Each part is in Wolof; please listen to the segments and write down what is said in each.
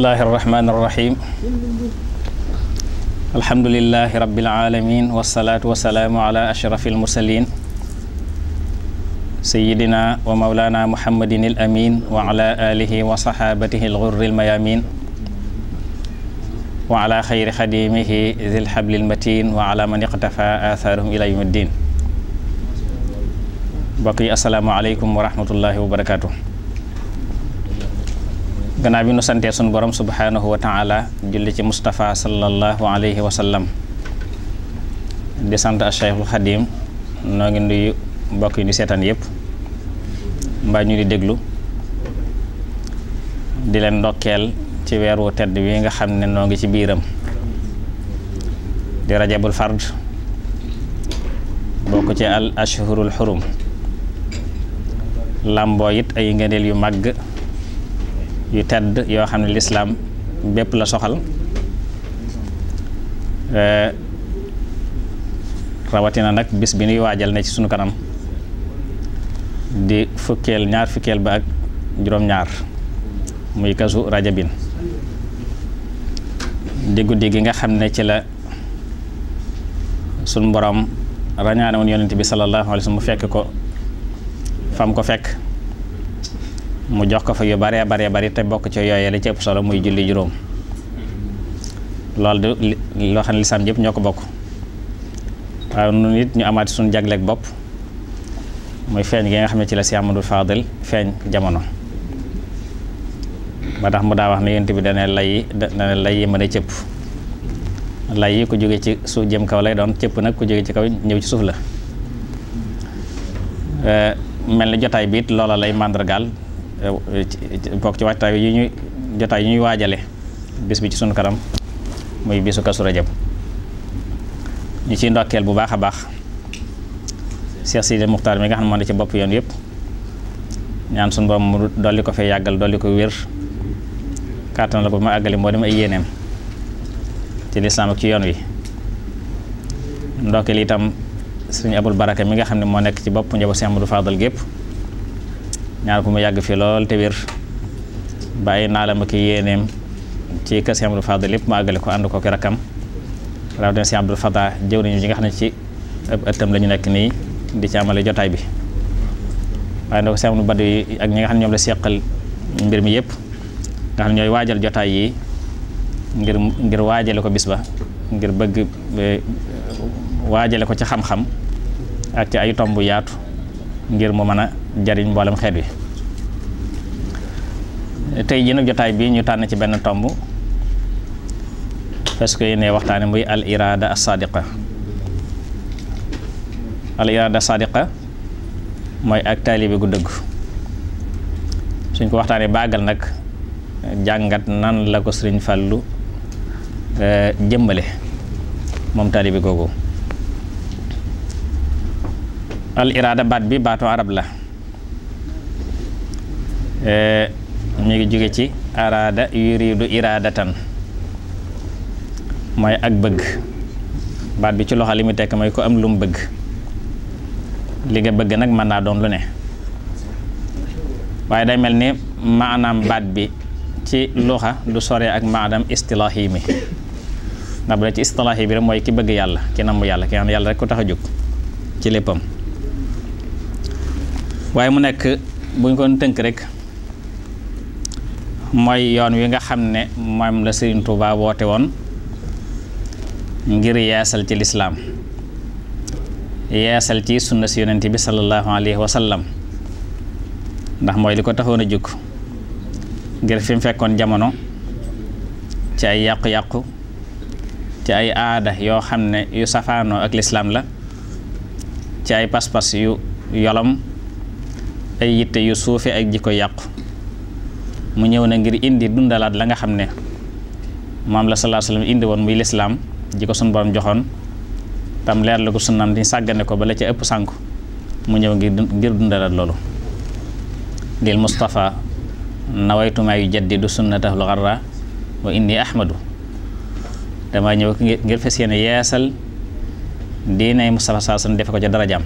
bismillahi arrahmani arrahim alhamdulilahi rabbil alamin wasalaatu wasalaamu ala ashrafi almursalin sayidina wa maulana muhammadin al amin wa ala alihi wa sahabatihi al ghurri al mayamin wa ala xayri xadimihi zil hablil matin wa ala man iqtafa atharuhum ila yawmiddin mbokk yi asalaamaaleykum wa rahmatullahi wa barakatuh gannaaw bi nu santee sunu borom subhaanahu wa taala julli ci Moustapha sallallahu alayhi wa di sant a Cheikhul Xadim noo ngi nuyu mbokk yi ñu seetaan yëpp mbaa ñu di déglu di leen ndokkeel ci weer wu tedd wi nga xam ne noo ngi ci biiram di rajabul fard bokk ci al ashhurul xurum làmboo ay ngëneel yu màgg yu tedd yoo xam ne lislaam bépp la soxal e, rawatina nag bis bi nuy waajal ne ci sunu kanam di fukkeel ñaar fukkeel ba ak juróom-ñaar muy kasu rajabin di guddi gi nga xam ne ci la sunu borom rañaane woon yonent bi sallallahu alayhi wa mu fekk ko fam ko fekk mu jox ko fa yu baree baree bari te bokk ci yooyee li ci solo muy julli juróom loolu de loo xam ne lislaam yëpp ñoo ko bokk waaye nun it ñu amaat suñu jagleek bopp muy feeñ gi nga xam ne ci la si Amadou Fadil feeñ jamono ba tax mu daa wax ne yent bi dana lay dana lay mën a cëpp lay yi ku jóge ci suuf jëm kaw lay doon cëpp nag ku jóge ci kaw ñëw ci suuf la eh, mel ni jotaay biit loola lay màndargaal bokk ci waxtaay yi ñuy jotaay yi ñuy waajale bis bi ci sunu kanam muy bisu Kazu Rajab ñu ciy ndokkeel bu baax a baax Cheikh Sidi Muxtaar mi nga xam ne moo ci bopp yoon yëpp ñaan sunu borom mu dolli ko fee yàggal dolli ko wér ko ma àggali moo dem ay yéeneem te lislaam ak ci yoon wi ndokkeel itam suñu abul baraka mi nga xam ne moo nekk ci bopp njaboot Cheikh du Fadal gépp ñaan ko mu yàgg fi lool te naa la naalam ak yéeneem ci kër Sëñ Abdou Fadal lépp mu àggale ko ànd ko ki rakkam rawatina Sëñ Abdou Fata jëw nañu ñi nga xam ne ci ëpp ëttam la ñu nekk nii di ci amale jotaay bi waaye nag Sëñ Abdou Badu yi ak ñi nga xam ne ñoom la seqal mbir mi yëpp nga xam ne ñooy waajal jotaay yi ngir ngir waajale ko bis ba ngir bëgg eh, waajale ko ci xam-xam ak ci ay tomb yaatu ngir mu mën a jariñ mboolem xeet wi tey jii nag jotaay bi ñu tànn ci benn tomb parce que yéen waxtaane muy al irada sadiqa al irada mooy ak taalibe gu dëgg suñ ko waxtaanee baagal nag jàngat nan la ko sëriñ Fàllu eh, jëmbale moom taalibe googu al iraada baat bi baatu arab la eh, ñu ngi jóge ci araada yuridu iraadatan mooy ak bëgg baat bi ci loxo li mu tekk mooy ko am lu mu bëgg li nga bëgg nag mën naa doon lu ne waaye day mel ni maanaam baat bi ci luxa du sore ak maanaam istilaahi mi ndax bu dee ci istilaahi bi rek mooy ki bëgg yàlla ki namm yàlla ki yàlla rek ko tax a jóg ci léppam waaye mu nekk buñ ñu tënk rekk mooy yoon wi nga xam ne moom la Serigne Touba woote woon ngir yeesal ci lislaam yeesal ci sunna si yonent bi sallallahu alayhi wa ndax mooy li ko taxoon a jóg ngir fi mu fekkoon jamono ci ay yàqu-yàqu ci ay aada yoo xam ne yu safaanoo ak lislaam la ci ay pas-pas yu yolom ay yitte yu suufe ak jikko yàqu mu ñëw na ngir indi dundalaat la nga xam ne maam la sallallahu indi woon muy lislaam ji ko sun borom joxoon tam leer la ko sunnaam di sàggane ko bala ca ëpp sànku mu ñëw ngir ngir dundalaat loolu lil Mustafa nawaytumaa yu jaddidu sunnatahul xarra wa inni ahmadu dama ñëw ngir fas yéene yeesal diinay Mustafa sallallahu alayhi wa sallam defe ko ca darajaam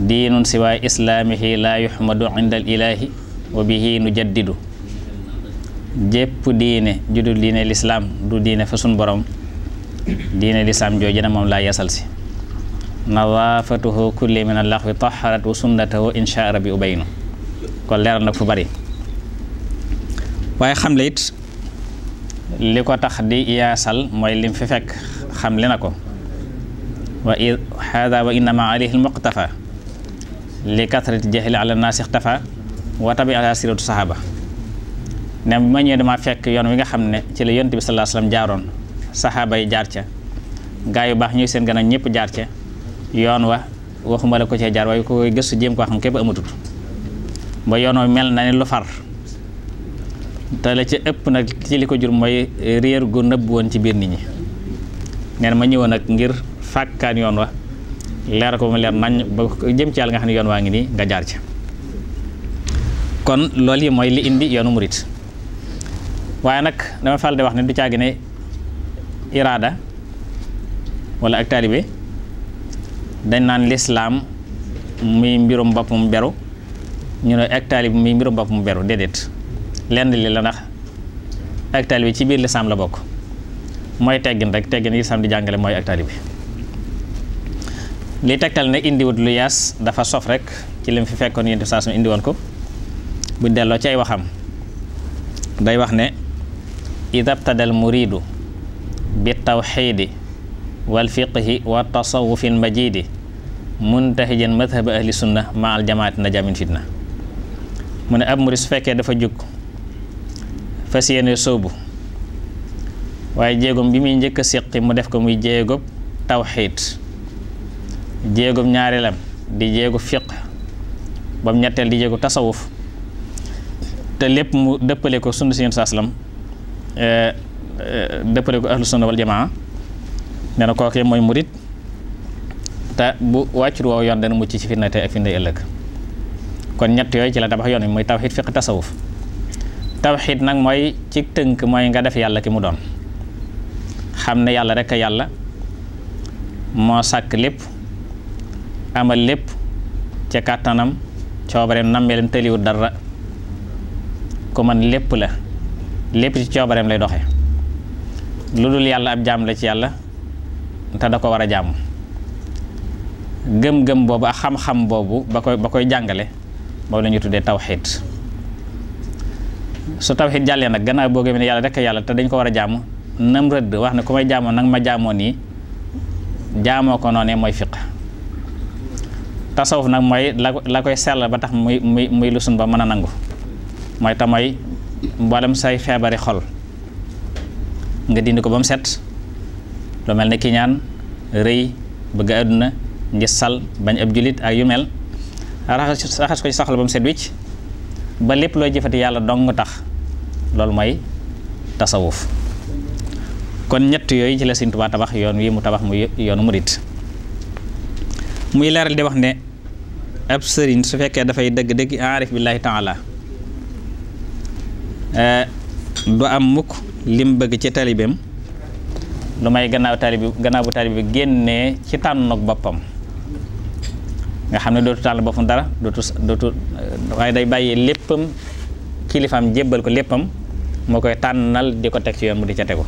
diinun siwa islaamihi laa yuhmadu inda al wa bihi nu jaddidu jépp diine judul diine lislaam du diine fa borom diine lislaam jooju na moom laa yasal si nadaafatuhu kulli min allaxwi taharat wa sunnatahu insha rabbi ubaynu kon leeral nag fu bari waaye xam le li ko tax di yaasal mooy lim fi fekk na ko wa wa innama alayhi almuqtafa li kasrati jaxli ala naasix tafa wa tabi ala siratu sahaba ne ma ñëwee dama fekk yoon wi nga xam ne ci la yonent bi sallallahu alayhi wasallam jaaroon saxaaba yi jaar ca gaa yu baax ñuy seen gannaaw ñëpp jaar ca yoon wa waxuma la ko cee jaar waaye ko koy gëstu jéem koo xam képp amatut ba yoon wa mel na ne lu far te la ci ëpp nag ci li ko jur mooy réer gu nëbb woon ci biir nit ñi nee ma ñëwoon nag ngir fàkkaan yoon wa leer ko mu leer nañ ba jëm ci yàlla nga xam ne yoon waa ngi nii nga jaar ci kon lool yi mooy li indi yoonu murit waaye nag dama faral di wax ne du caagi ne iraada wala ak taalibe dañ naan lislaam muy mbirum boppam beru ñu ne ak taalibe muy mbirum boppam beru déedéet lenn li la ndax ak taalibe ci biir lislaam la bokk mooy teggin rek teggin yi lislaam di jàngale mooy ak taalibe li tegtal na indiwut lu yees dafa sof rek ci lim fi fekkoon yéen saa su indi woon ko buñ delloo ci ay waxam day wax ne idabtadal muridu bi tawxiidi wal fiqhi wa tasawufi al majidi muntahijan madhaba ahli sunna ma al jamaati najamin fitna mu ne ab murid su fekkee dafa jóg fas yéene sóobu waaye jéegoom bi muy njëkk a mu def ko muy jéegob tawxiid jéegum ñaareelam di jéegu fiq ba ñetteel di jéegu tasawuf te lépp mu dëppale ko sunna si yéen saaslam eh, eh, dëppale ko ahlu sunna wal jamaa nee mooy murit te bu wàccul woow yoon dana mucc ci fitna tey ak fitna ëllëg kon ñett yooyu ci la tabax yoon wi mooy tawxiid fiq tasawuf tawxiid nag mooy ci tënk mooy nga def yàlla ki mu doon xam ne yàlla rek a yàlla moo sàkk lépp amal lépp ca kàttanam coobareem nammeelam tëliwut dara ku man lépp la lépp ci coobareem lay doxe lu dul yàlla ab jaam la ci yàlla te da ko war a jaamu gëm-gëm boobu ak xam-xam boobu ba koy ba koy jàngale moom la ñu tuddee tawxiid su tawxiid jàllee nag gannaaw boo gëmee ne yàlla rek yàlla te dañ ko war a jaamu nam rëdd wax ne ku may jaamoo nag ma jaamoo nii jaamoo ko noonee mooy fiq tasawuf nag mooy la la koy sell ba tax muy muy muy lu sun ba mën a nangu mooy te mooy mboolem say feebari xol nga dindi ko ba mu set lu mel ni kiñaan rëy bëgg àdduna ngi sal bañ ab julit ak yu mel raxas raxas ko ci soxla ba mu set wicc ba lépp looy jëfati yàlla dong tax loolu mooy tasawuf kon ñett yooyu ci la Sëriñ Tuubaa tabax yoon wi mu tabax mu yoonu murit muy leeral di wax ne ab sëriñ su fekkee dafay dëgg-dëgg aarif billaahi taala eh, du am mukk lim bëgg ci talibeem lu may gannaaw talibi gannaaw bu talibi génnee ci tànn tànnug boppam nga xam ne dootu tànn boppam dara dootu dootu eh, waaye day bàyyi léppam kilifaam jébbal ko léppam moo koy tànnal di ko teg ci yoon mu di ca tegu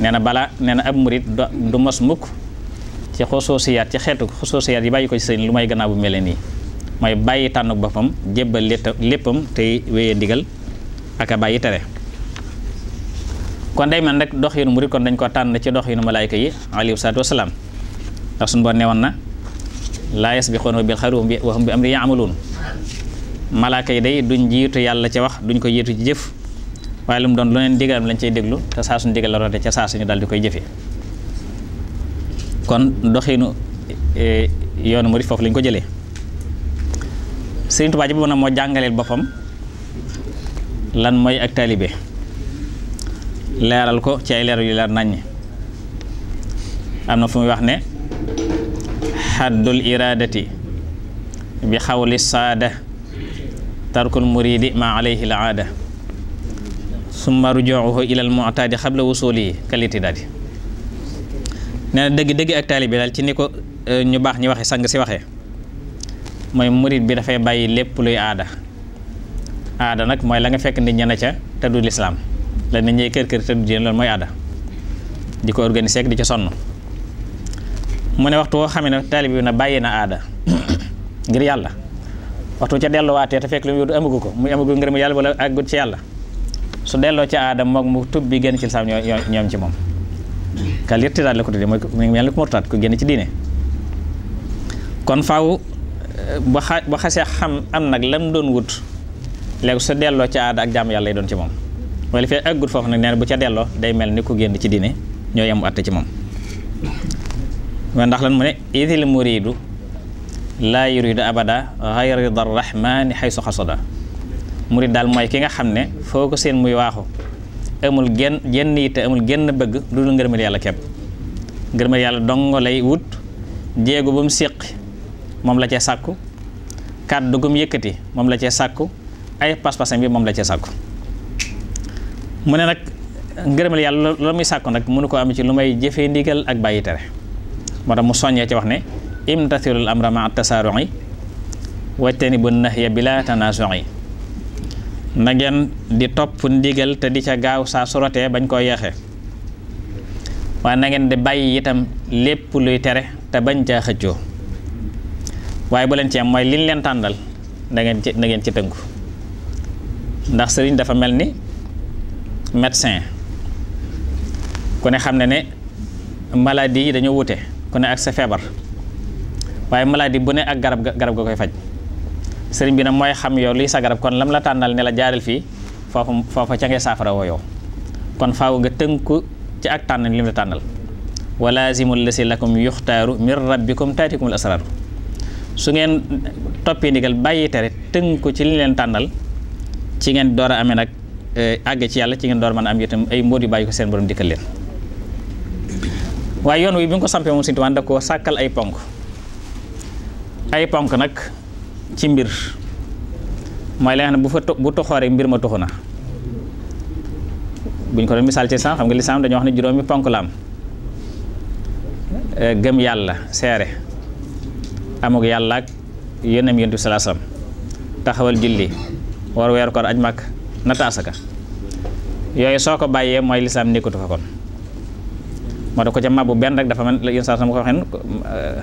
nee na bala nee na ab murit du mos mukk ci xosoosiyaat ci xeetu xosoosiyaat yi bàyyi ko ci sëriñ lu may gannaaw bu mel nii mooy bàyyi tànn boppam jébbal léppam tey wéyee ndigal ak bàyyi tere kon day mel nag dox yu nu murid dañ ko tànn ci dox yu nu malaayka yi alayhi salaatu wasalaam ndax suñu boo newoon na laa yasbiquunahu bil xayri wa hum bi amri yaamaluun malaaka yi day duñ jiitu yàlla ci wax duñ ko jiitu ci jëf waaye lu mu doon lu leen digalam lañ cay déglu te saa suñu digal la rote ca saa daal di koy jëfee kon ndoxinu e, yoonu murid foofu lañ ko jële Sëriñ Tuubaa ji boobu nag moo jàngaleel boppam lan moy ak taalibe leeral ko ci ay leeral yu leer naññ am na fu muy wax ne xaddul iraadati bi xawli saada tarkul muridi ma alayhi la aada summa rujuuhu ila al mu'taadi xabla wusulihi kal itidaadi nee na dëgg dëgg ak taalibe daal ci ni ko euh, ñu baax ñi waxe sang si waxee mooy murit bi dafay bàyyi lépp luy aada aada nag mooy la nga fekk nit ña ne ca te du lislaam la nit ñi kër kër te du diine loolu mooy aada di ko organiser ak di ca sonn mu ne waxtu woo xam ne taalibe bi na bàyyi na aada ngir yàlla waxtu ca delluwaatee te fekk lu mu yóotu amagu ko muy amagu ngërëm yàlla wala àggut ci yàlla su delloo ci aada moog mu tub bi génn ci lislaam ñoom ci moom kal irtidaad la ko tuddee mooy mi ngi mel ni ku murtaat ku génn ci diine kon faaw eh, ba xasee xam am nag lam doon wut léegi sa delloo ci aada ak jàmm yàlla lay doon ci moom waaye li fee ëggut foofu nag na bu ca delloo day mel ni ku génn ci diine ñoo yam àtte ci moom waaye ndax lan mu ne idil muridu laa yuridu abada xayra ridar rahmani xaysu xasada murid daal mooy ki nga xam ne foo ko seen muy waaxu amul genn jenn yitte amul genn bëgg lu dul ngërëmal yàlla kepp ngërëmal yàlla dongo lay wut jéego bu mu séq moom la cee sàkku kàddu gu mu yëkkati moom la cee sàkku ay pas-pasam bi moom la cee sàkku mu ne nag ngërëmal yàlla la muy sàkku nag mënu ko am ci lu may jëfee ndigal ak bàyyi tere moo tax mu soññee ci wax ne imtathirul amra ma tasaarui wajtani bu nahya bila tanasui na ngeen di topp ndigal te di ca gaaw saa surotee bañ koo yeexe waaye nangeen ngeen di bàyyi itam lépp luy tere te bañ caa xëccoo waaye bu leen ci am mooy liñ leen tàndal na ngeen ci nangeen ci tënku ndax sëriñ dafa mel ni médecin ku ne xam ne ne maladie yi dañoo wute ku ne ak sa feebar waaye maladie bu ne ak garab ga garab ga koy faj sëriñ bi nag mooy xam yow liy sagara garab kon lam la tànnal ne la jaaral fii foofu foofa ca saafara woo yow kon faaw nga ko ci ak tànn lim la tànnal walaasimul lasi lakum yuxtaaru min rabbikum taatikumul asraar su ngeen toppee ndigal bàyyi tere tënku ci li leen tànnal ci ngeen door a amee nag eh, àgg ci yàlla ci ngeen door mën a am tam ay mbóot yu bàyyi ko seen borom dikkal leen waaye yoon wi bi nga ko sampee moom sintuwaan da ko sàkkal ay ponk ay ponk nag ci mbir mooy la nga xam bu fa bu toxoo mbir ma toxu na buñ ko doon misaal ci lislaam xam nga lislaam dañoo wax ne juróomi ponk la eh, gëm yàlla seere amuk yàlla ak yónnam yonent bi salaasam taxawal julli war weeru koor aj mag nata asaka yooyu soo ko bàyyee mooy lislaam nekkatu fa kon moo tax ko ca mabbu benn rek dafa mel yéen saa sama ko waxee eh,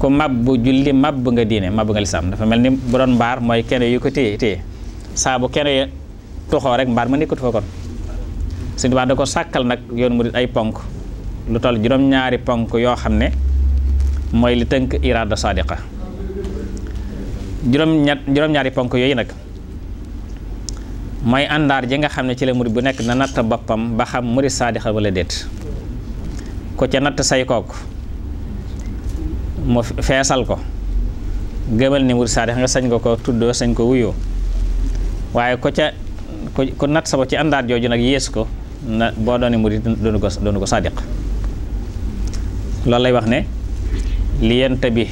ku mabbu julli mabbu nga diine mabbu nga lislaam dafa mel ni bu doon mbaar mooy keno yu ko téye téye saa bu keno yi tuxoo rek mbaar ma nekkatu fa kon Sëñ da ko sàkkal nag yoon murid ay ponk lu toll juróom-ñaari ponk yoo xam ne mooy li tënk iraada sadiqa juróom-ñett juróom ponk yooyu nag mooy àndaar ji nga xam ne ci la murid bu nekk na natt boppam ba xam murid sadiqa wala déet ko ca natt say kooku mu feesal ko gëmal ni murid saadix nga sañ nga ko tuddoo sañ ko wuyoo waaye ko ca ku nat saba ci àndaat jooju nag yées ko na boo doone murid doonu ko doonu ko saadiq loolu lay wax ne liyanta bi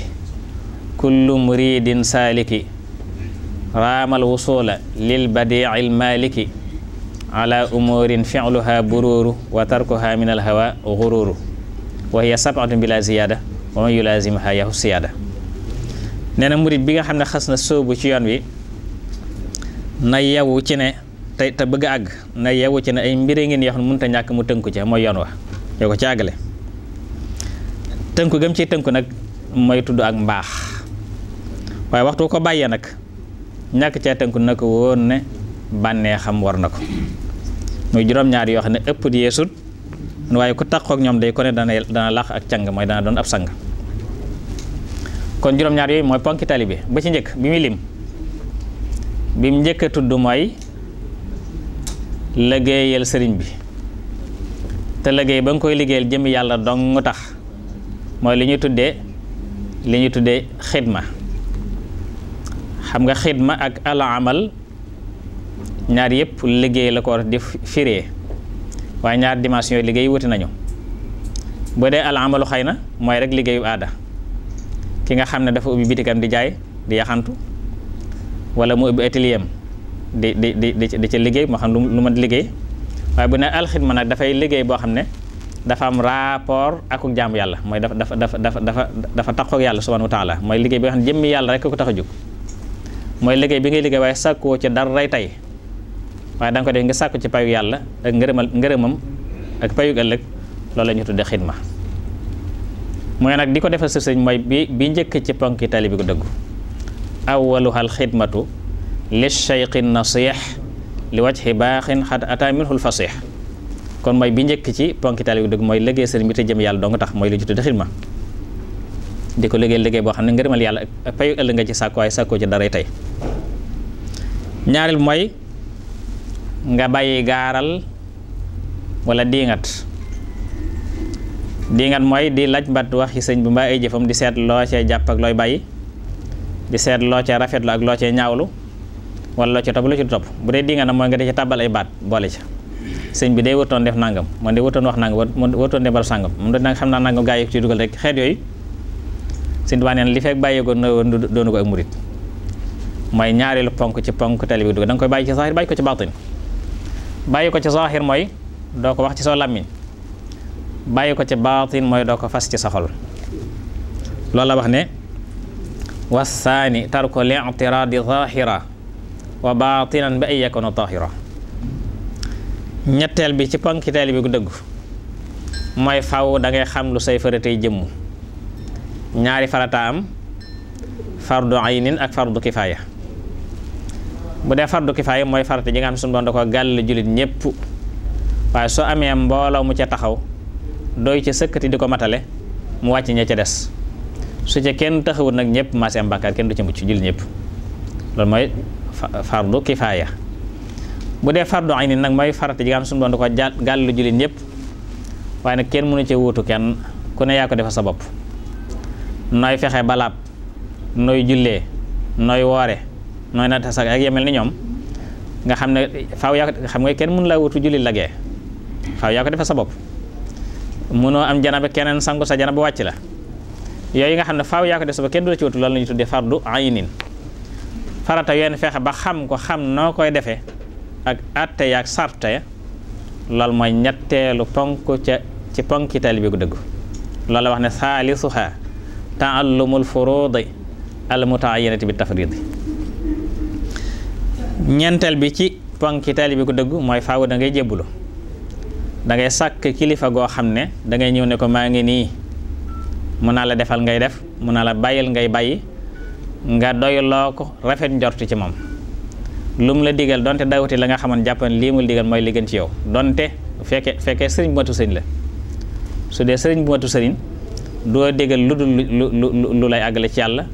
kullu muridin saaliki raamal wusula lil badiil maliki ala umurin filuha buruuru wa tarkuha min alhawa gururu wa hiya sabatun bila ziyada wa man yulaazimhaa yahu siyaada nee na murit bi nga xam ne xas na sóobu ci yoon wi na yewu ci ne te te bëgg a àgg na yewu ci ne ay mbir ngeen yoo xam ne mënut ñàkk mu tënku ca mooy yoon wa yoo ko ci àggale tënku gam ci tënku nag mooy tudd ak mbaax waaye waxtu ko bàyyee nag ñàkk caa tënku nag ko woon ne bànnee xam war na ko muy juróom-ñaar yoo xam ne ëpp di yeesut waaye ku tàqoo ñoom day ko ne dana dana laax ak càng mooy dana doon ab sang kon juróom-ñaar yooyu mooy ponki taalibe ba ci njëkk bi muy lim bi mu njëkk a tudd mooy liggéeyal sëriñ bi te liggéey ba nga koy liggéeyal jëmmi yàlla dong tax mooy li ñuy tuddee li ñuy tuddee xidma xam nga xidma ak al amal ñaar yëpp liggéey la ko war di firee waaye ñaar dimension yooyu liggéey wuti nañu bu dee al xay na mooy rek liggéeyu aada ki nga xam ne dafa ubbi bitikam di jaay di yaxantu wala mu ubbi atelier di di di di ca liggéey moo xam lu mën liggéey waaye bu ne alxidma nag dafay liggéey boo xam ne dafa am rapport ak jaamu yàlla mooy dafa dafa dafa dafa dafa dafa taxaw ak yàlla subhanahu wa taala mooy liggéey bi nga xam ne jëmmi yàlla rek ko tax a jóg mooy liggéey bi ngay liggéey waaye sàkkoo ci dara ray tey waaye da nga ko def nga sàkk ci payu yàlla ak ngërëmal ngërëmam ak payu ëllëg loolu la ñu tudde xidma mooy nag di ko defal sa sëñ mooy bi bi njëkk ci ponki tali bi ko dëggu awaluha alxidmatu li na nasix li wajhi baaxin xat ata minhul fasix kon mooy bi njëkk ci ponki tali bi ko dëgg mooy liggéey sëriñ bi jëm yàlla dong tax mooy lu ñu tudde xidma di ko liggéey liggéey boo xam ne ngërëmal yàlla ak payu ëllëg nga ci sàkku waaye sàkkoo ci daray tey ñaareel nga bàyyi gaaral wala diingat diingat mooy di laaj wax waxi sëñ bi mbaa ay jëfam di seet loo cee jàpp ak looy bàyyi di seet loo cee rafetlu ak loo cee ñaawlu wala loo cee topp lu ci topp bu dee diingat na mooy nga di ci tàbbal ay baat boole ca sëñ bi day wërtoon def nangam man de wërtoon wax nangam wërtoon defal sàngam moom da xam naa nangam gaa yi ci dugal rek xeet yooyu sëñ Tuubaa neen li fekk bàyyi ko doonu ko ak murit mooy ñaareelu ponk ci ponk tali bi dugg da nga koy bàyyi ci ko ci baatin bàyyi ko ci zaahir mooy doo ko wax ci soo làmmiñ bàyyi ko ci baatin mooy doo ko fas ci sa xol loolu la wax ne wasaani tarku li'tiraadi zaahira wa baatinan bi ay yakuna taahira ñetteel bi ci ponkiteel bi ku dëgg mooy faw dangay xam lu say faratay jëmm ñaari farata am fardu aynin ak fardu kifaaya bu dee fardu kifaaya mooy farata ji nga xam ne suñu doon da ko gàll jullit soo amee mbooloo mu ca taxaw doy ca sëkkati di ko matale mu wàcc ña ca des su ca kenn taxawut nag ñëpp maa si am kenn du ca mucc jullit ñëpp loolu mooy fardu kifaaya bu dee fardu ayni nag mooy farata ji nga xam ne suñu doon da ko gàll jullit ñëpp waaye nag kenn mënu ca wuutu kenn ku ne yaa ko defal sa bopp nooy fexe balaab nooy jullee nooy woore nooy na tasak ak yemel ni ñoom nga xam ne faw yaa ko kenn mënu laa wutu julli lagee faaw yaa ko defe sa bopp mënoo am janaba keneen sangu sa janaba wàcc la yooyu nga xam ne faw yaa ko def sa kenn du la ci wutu lool la ñu tuddee fardu aynin farata yéen fexe ba xam ko xam noo koy defee ak atte ak sarte loolu mooy ñetteelu ponk ca ci ponki taalibe gu dëgg loolu la wax ne saalisuha taallumul furudi al mutaayanati bi tafridi ñeenteel bi ci ponki taalibe ko dëgg mooy faaw da ngay jébbalu da ngay sàkk kilifa goo xam ne da ngay ñëw ne ko maa ngi nii mun naa la defal ngay def mun naa la bàyyil ngay bàyyi nga doyloo ko rafet njort ci moom lu mu la digal donte dawuti la nga xamoon jàppan lii mu digal mooy li ci yow donte fekkee fekkee sëriñ bu matu sëriñ la su dee sëriñ bu matu sëriñ doo digal lu dul lu lu lu lay àggale ci yàlla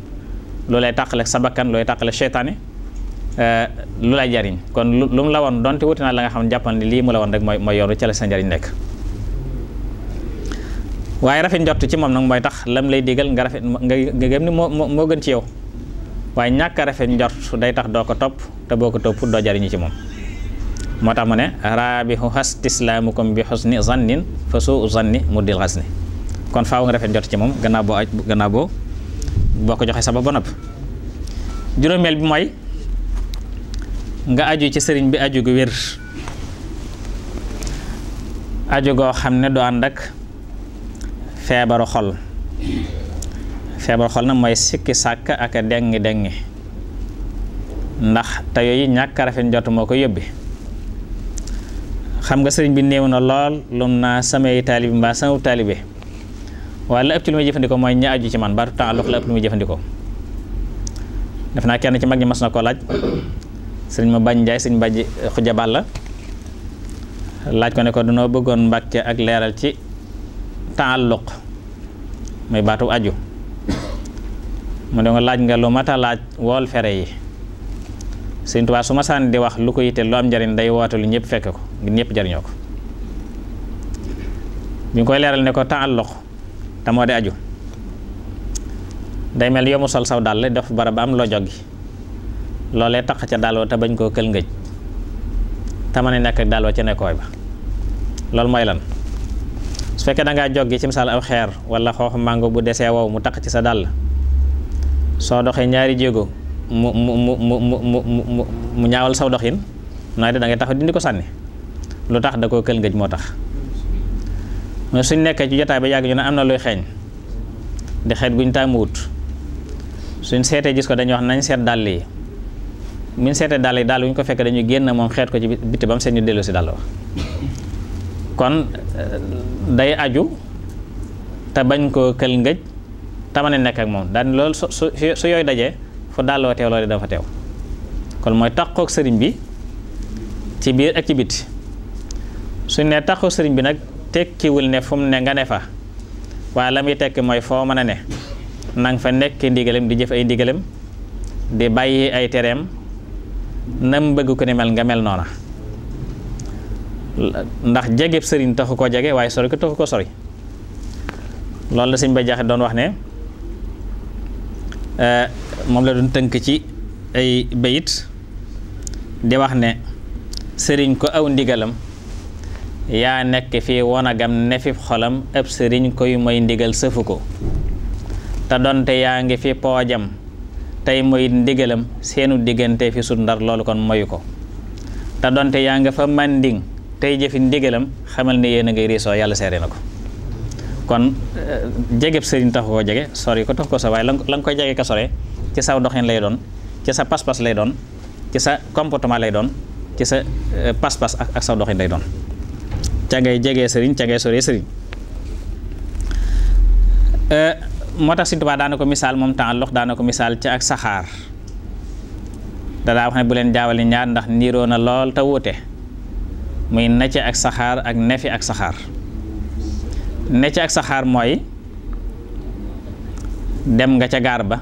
lu lay tàqale sa bakkan lu lay tàqale seytaane Eh, lu lay jariñ kon lu mu la woon donte wuti naa la nga xam ne jàppal ni lii mu la woon rek mooy mooy yoonu ca la sa njariñ nekk waaye rafet njott ci moom nag mooy tax lam lay digal nga rafet nga gëm ni moo moo gën ci yow waaye ñàkk a rafet njort day tax doo ko topp te boo ko topp doo jariñu ci moom moo tax mu ne raabihu hastislaamukum bi xusni zannin fa suu zanni muddil xasni kon faaw nga rafet njort ci moom gannaaw boo aj gannaaw boo boo ko joxee sabab ba nopp juróomeel bi nga aju ci sëriñ bi aju gu wér goo xam ne du ànd ak feebaru xol feebaru xol nag mooy sikki sàkk ak a dengi dengi ndax te yooyu ñàkk rafet njot moo ko yóbbi xam nga sëriñ bi néew na lool lum naa samay taalibi mbaa sama taalibe waaye la ëpp ci lu may jëfandikoo mooy ña aju ci man baatu temps àlluq la ëpp lu muy jëfandikoo def naa kenn ci mag ñi mas na ko laaj sëriñ ma bañ Njaay sëriñ Bàjj Xuja eh, Balla laaj ko ne ko danoo bëggoon Mbàkke ak leeral ci taalluq muy baatu aju mu ne ko laaj nga lu mat a laaj wool fere yi sëriñ Tuubaa su ma sànni di wax lu ko yitte lu am njariñ day woote lu ñëpp fekke ko ngir ñëpp jariñoo ko bi nga koy leeral ne ko taalluq te moo di aju day mel yomu sol saw dal def barab ba am loo joggi loolee taq ca daal wa te bañ koo kël ngëj te mën a nekk ak daal ca nekkooy ba loolu mooy lan su fekkee da ngaa joggi ci misaal aw xeer wala xooxu màngo bu desee wow mu tax ci sa dàll soo doxee ñaari jéego mu mu mu mu mu mu ñaawal saw doxin nooy de da tax dindi ko sànni lu tax da koo kël ngëj moo tax suñ nekkee ci jotaay bi yàgg ñu ne am na luy xeeñ di xeet guñ tàmmuwut suñ seetee gis ko dañuy wax nañ seet dàll yi bu ñu seetee dàll yi daal bu ñu ko fekk dañuy génn moom xeet ko ci bitti ba mu seet ñu dellu si wa kon euh, day aju te bañ koo kël ngëj tamane nekk ak moom daan lool su su su dajee fu dàll wa teew loolu dafa teew kon mooy takkook sëriñ bi ci biir ak ci bitti suñ ne takkook sëriñ bi nag tekkiwul ne fu ne nga ne fa waaye la muy tekki mooy foo mën a ne nang fa nekk ndigalam di jëf ay ndigalam di bàyyi ay tereem nam bëgg ko ni mel nga mel noona ndax jege sëriñ taxu koo jege waaye sori ko taxu ko sori loolu la sëñ ba Jaxate doon wax ne eh, moom la doon tënk ci ay bayit di wax ne sëriñ ko aw ndigalam yaa nekk fii wonagam ne fi xolam ab sëriñ koy moy ndigal sëfu ko te donte yaa ngi fi poojam tey mooy ndigalam seenu diggante fi sut ndar loolu kon moyu ko te donte yaa nga fa manding tey jëfi ndigalam xamal ne yéen a ngay riisoo yàlla seere na ko kon eh, jegeb sëriñ taxu ko jege sori ko tax ko sa waaye la nga koy jege ko sore ci saw doxin lay doon ci sa pas-pas lay doon ci sa comportement lay doon ci sa eh, pas ak saw doxin lay doon ca ngay jegee sëriñ ca ngay soree sëriñ eh, moo tax Sëñ Tuubaa ko misaal moom temps lox daana ko misaal ci ak saxaar dalaa wax ne bu leen jaawale ñaar ndax niiroo na lool te wuute muy necce ak saxaar ak nefi ak saxaar necce ak saxaar mooy dem nga ca gaar ba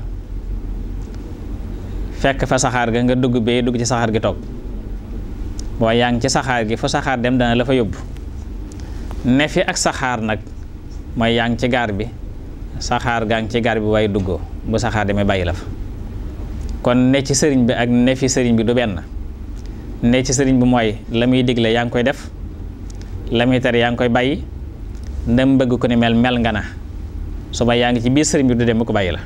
fekk fa saxaar ga nga dugg bee dugg ci saxaar gi toog boo yaa ngi ci saxaar gi fu saxaar dem dana la fa yóbbu nefi ak saxaar nag mooy yaa ngi ci gaar bi saxaar gaa ngi ci gaar bi waaye duggoo bu saxaar demee bàyyi la fa kon ne ci sëriñ bi ak ne fi sëriñ bi du benn ne ci sëriñ bi mooy la muy digle yaa ngi koy def la muy tere yaa ngi koy bàyyi ndam bëgg ko ni mel mel nga na suba yaa ngi ci biir sëriñ bi du dem ba ko bàyyi la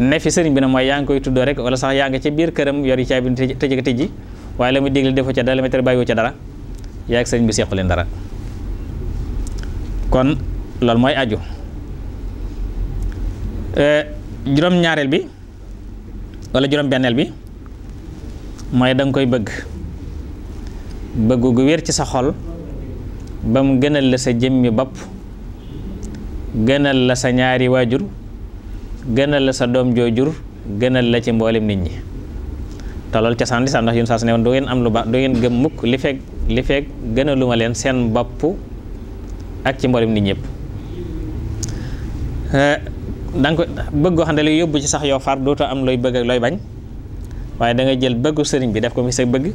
ne sëriñ bi na mooy yaa ngi koy tuddoo rek wala sax yaa ngi ci biir këram yor yi caabi tëj ak tijji waaye la muy digle defoo ca dara la muy tere bàyyiwoo ca dara yaa ak sëriñ bi seexu leen dara kon loolu mooy aju Euh, juróom ñaareel bi wala juróom benneel bi mooy danga koy bëgg bëgg gu wér ci sa xol ba mu gënal la sa jëmmi bopp gënal la sa ñaari waajur gënal la sa doom joojur gënal la ci mboolem nit ñi te loolu ca saan lislaam ndax yun saa su ne woon du ngeen am lu baax du ngeen gëm mukk li fekk li fekk gënaluma leen seen bopp ak ci mboolem nit yépp da ko bëgg wax xam ne lay yóbbu ci sax yow far dootoo am looy bëgg ak looy bañ waaye da ngay jël bëggu sëriñ bi def ko muy sa bëgg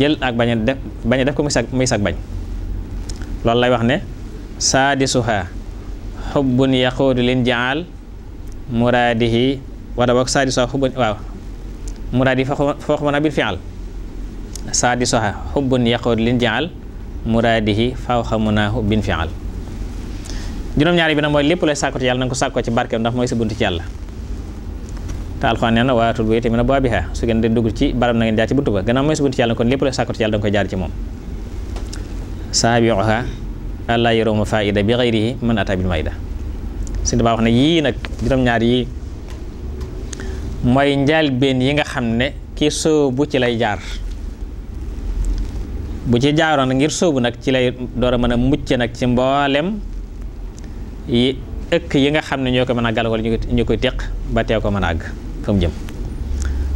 jël ak bañ def bañ def ko muy sa muy sa bañ loolu lay wax ne saadisuha xubbun yaquudu lin jaal muraadihi wala boog saadisuha xubbun waaw muraadihi foo xamana bil fial saadisuha xubbun yaquudu lin jaal muraadihi faw xamunaahu bin fial juróom-ñaari bi nag mooy lépp lay sàkko ci yàlla na nga ko sàkko ci barkeem ndax mooy sa bunt ci yàlla te alxuraan nee na waatul bu itamit boo abiha su ngeen di dugg ci barab na ngeen ba gannaaw mooy su buntu ci yàlla kon lépp koy jaar ci moom saabiuha allah yaruma faida bi xayrihi man ata bil mayda si dama wax ne yii nag juróom-ñaar yi mooy njaal benn yi nga xam ne ki sóobu ci lay jaar bu ci jaaroon ngir sóobu nag ci lay door a mën a mucce nag ci mboolem yi ëkk yi nga xam ne ñoo ko mën a gàllankoor ñu koy teq ba tee ko mën a àgg fa mu jëm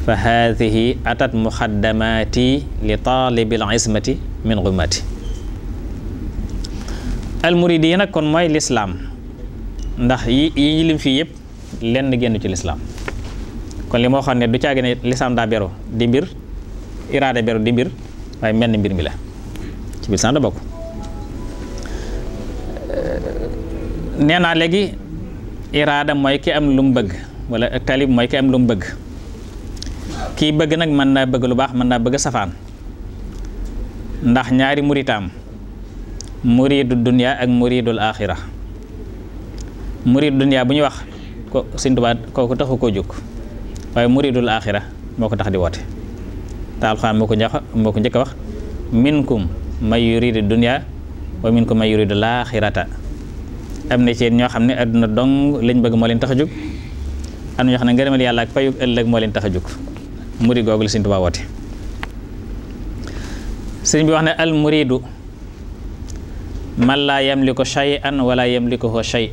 fa haadihi atat muxaddamaati li taalibil ismati min gumati almuridi yi nag kon mooy lislaam ndax yi yi lim fii yëpp lenn génn ci lislaam kon li moo xam ne du caagi ne lislaam daa beru di mbir iraada beru di mbir waaye mel ni mbir mi la ci biir sànq bokk nee naa léegi iraada mooy ki am lu mu bëgg wala talib mooy ki am lu mu bëgg kii bëgg nag mën naa bëgg lu baax mën naa bëgg safaan ndax ñaari muritaam muridu dunya ak muridul axira muridu dunya bu ñuy wax ko Sëñ kooku taxu ko jóg waaye muridul axira moo ko tax di woote te alxuraan moo ko njëkk moo ko njëkk a wax minkum may yuridu dunya wa minkum may yuridu laaxirata am na ci ñoo xam ne àdduna dong lañ bëgg moo leen tax a jóg am na ñoo xam ne ngërëmal yàlla ak payug ëllëg moo leen tax a jóg muri googu la Sëriñ Tuubaa woote sëriñ bi wax ne al muridu man laa yamliku shay'an wala yamlikuhu shay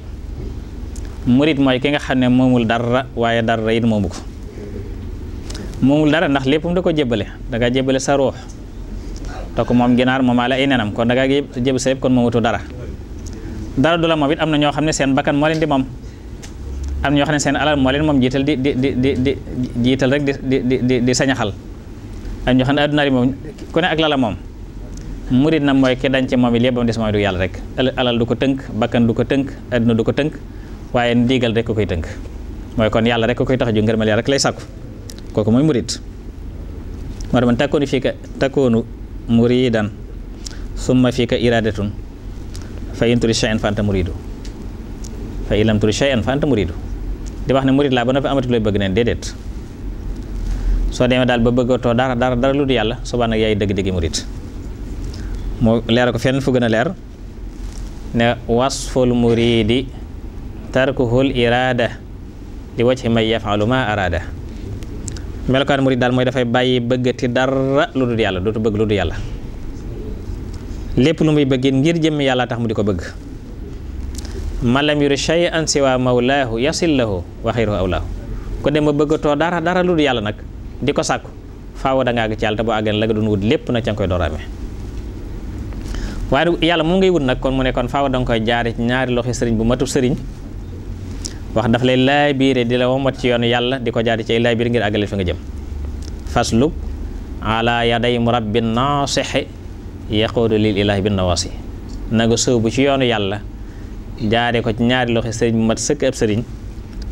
murid mooy ki nga xam ne moomul dara waaye dara it moomu ko moomul dara ndax lépp da ko jébbale da ngaa jébbale sa ruux te ko moom ginaar moomaa la ay nenam kon da ngaa sa lépp kon moomatu dara dara du la moom it am na ñoo xam ne seen bakkan moo leen di moom am na ñoo xam ne seen alal moo leen moom jiital di di di di jiital rek di di di di sañaxal am ñoo xam ne adduna bi moom ku ak la moom murid na mooy ki dañ ci moom it lépp ba mu des moom du yàlla rek alal du ko tënk bakkan du ko tënk adduna du ko tënk waaye ndigal rek ko koy tënk mooy kon yàlla rek ko koy tax ju ngërmal yàlla rek lay sàkku kooku mooy murid moo tax man takkoonu fii ka takkoonu muridan summa fii ka iradatun fa in turid shay'an fa anta muridu di wax ne murid laa ba noppi amati looy bëgg neen déedéet soo demee daal ba bëggatoo dara dara dara lu du yàlla subaa nag yaay dëgg-dëggi murid moo leer ko fenn fu gën a leer ne wasful muridi tarkuhul iraada li wajhi may yafalu ma araada melokaan murid daal mooy dafay bàyyi bëggati dara lu dul yàlla dootu bëgg lu dul yàlla lépp lu muy bëggin ngir jëmm yàlla tax mu di ko bëgg man lam yuri shay'an siwa mawlaahu yasil lahu wa xayruhu awlaahu ku dem ba bëggatoo dara dara lu dul yàlla nag di ko sàkku faaw danga nga àgg ci yàlla te boo àggee la nga doon wut lépp nag ca nga koy yàlla mu ngay wut nag kon mu ne kon faaw da nga koy jaare ci ñaari loxo sëriñ bu matub sëriñ wax daf lay laay biire di la womat ci yoonu yàlla di ko jaare ci ay laay biir ngir àggale fi nga jëm fasluk ala yaday murabbin nasixi yaquudu lil ilahi bin nawasi nanga sóobu ci yoonu yàlla jaare ko ci ñaari loxo sëriñ bu mat sëkk ab sëriñ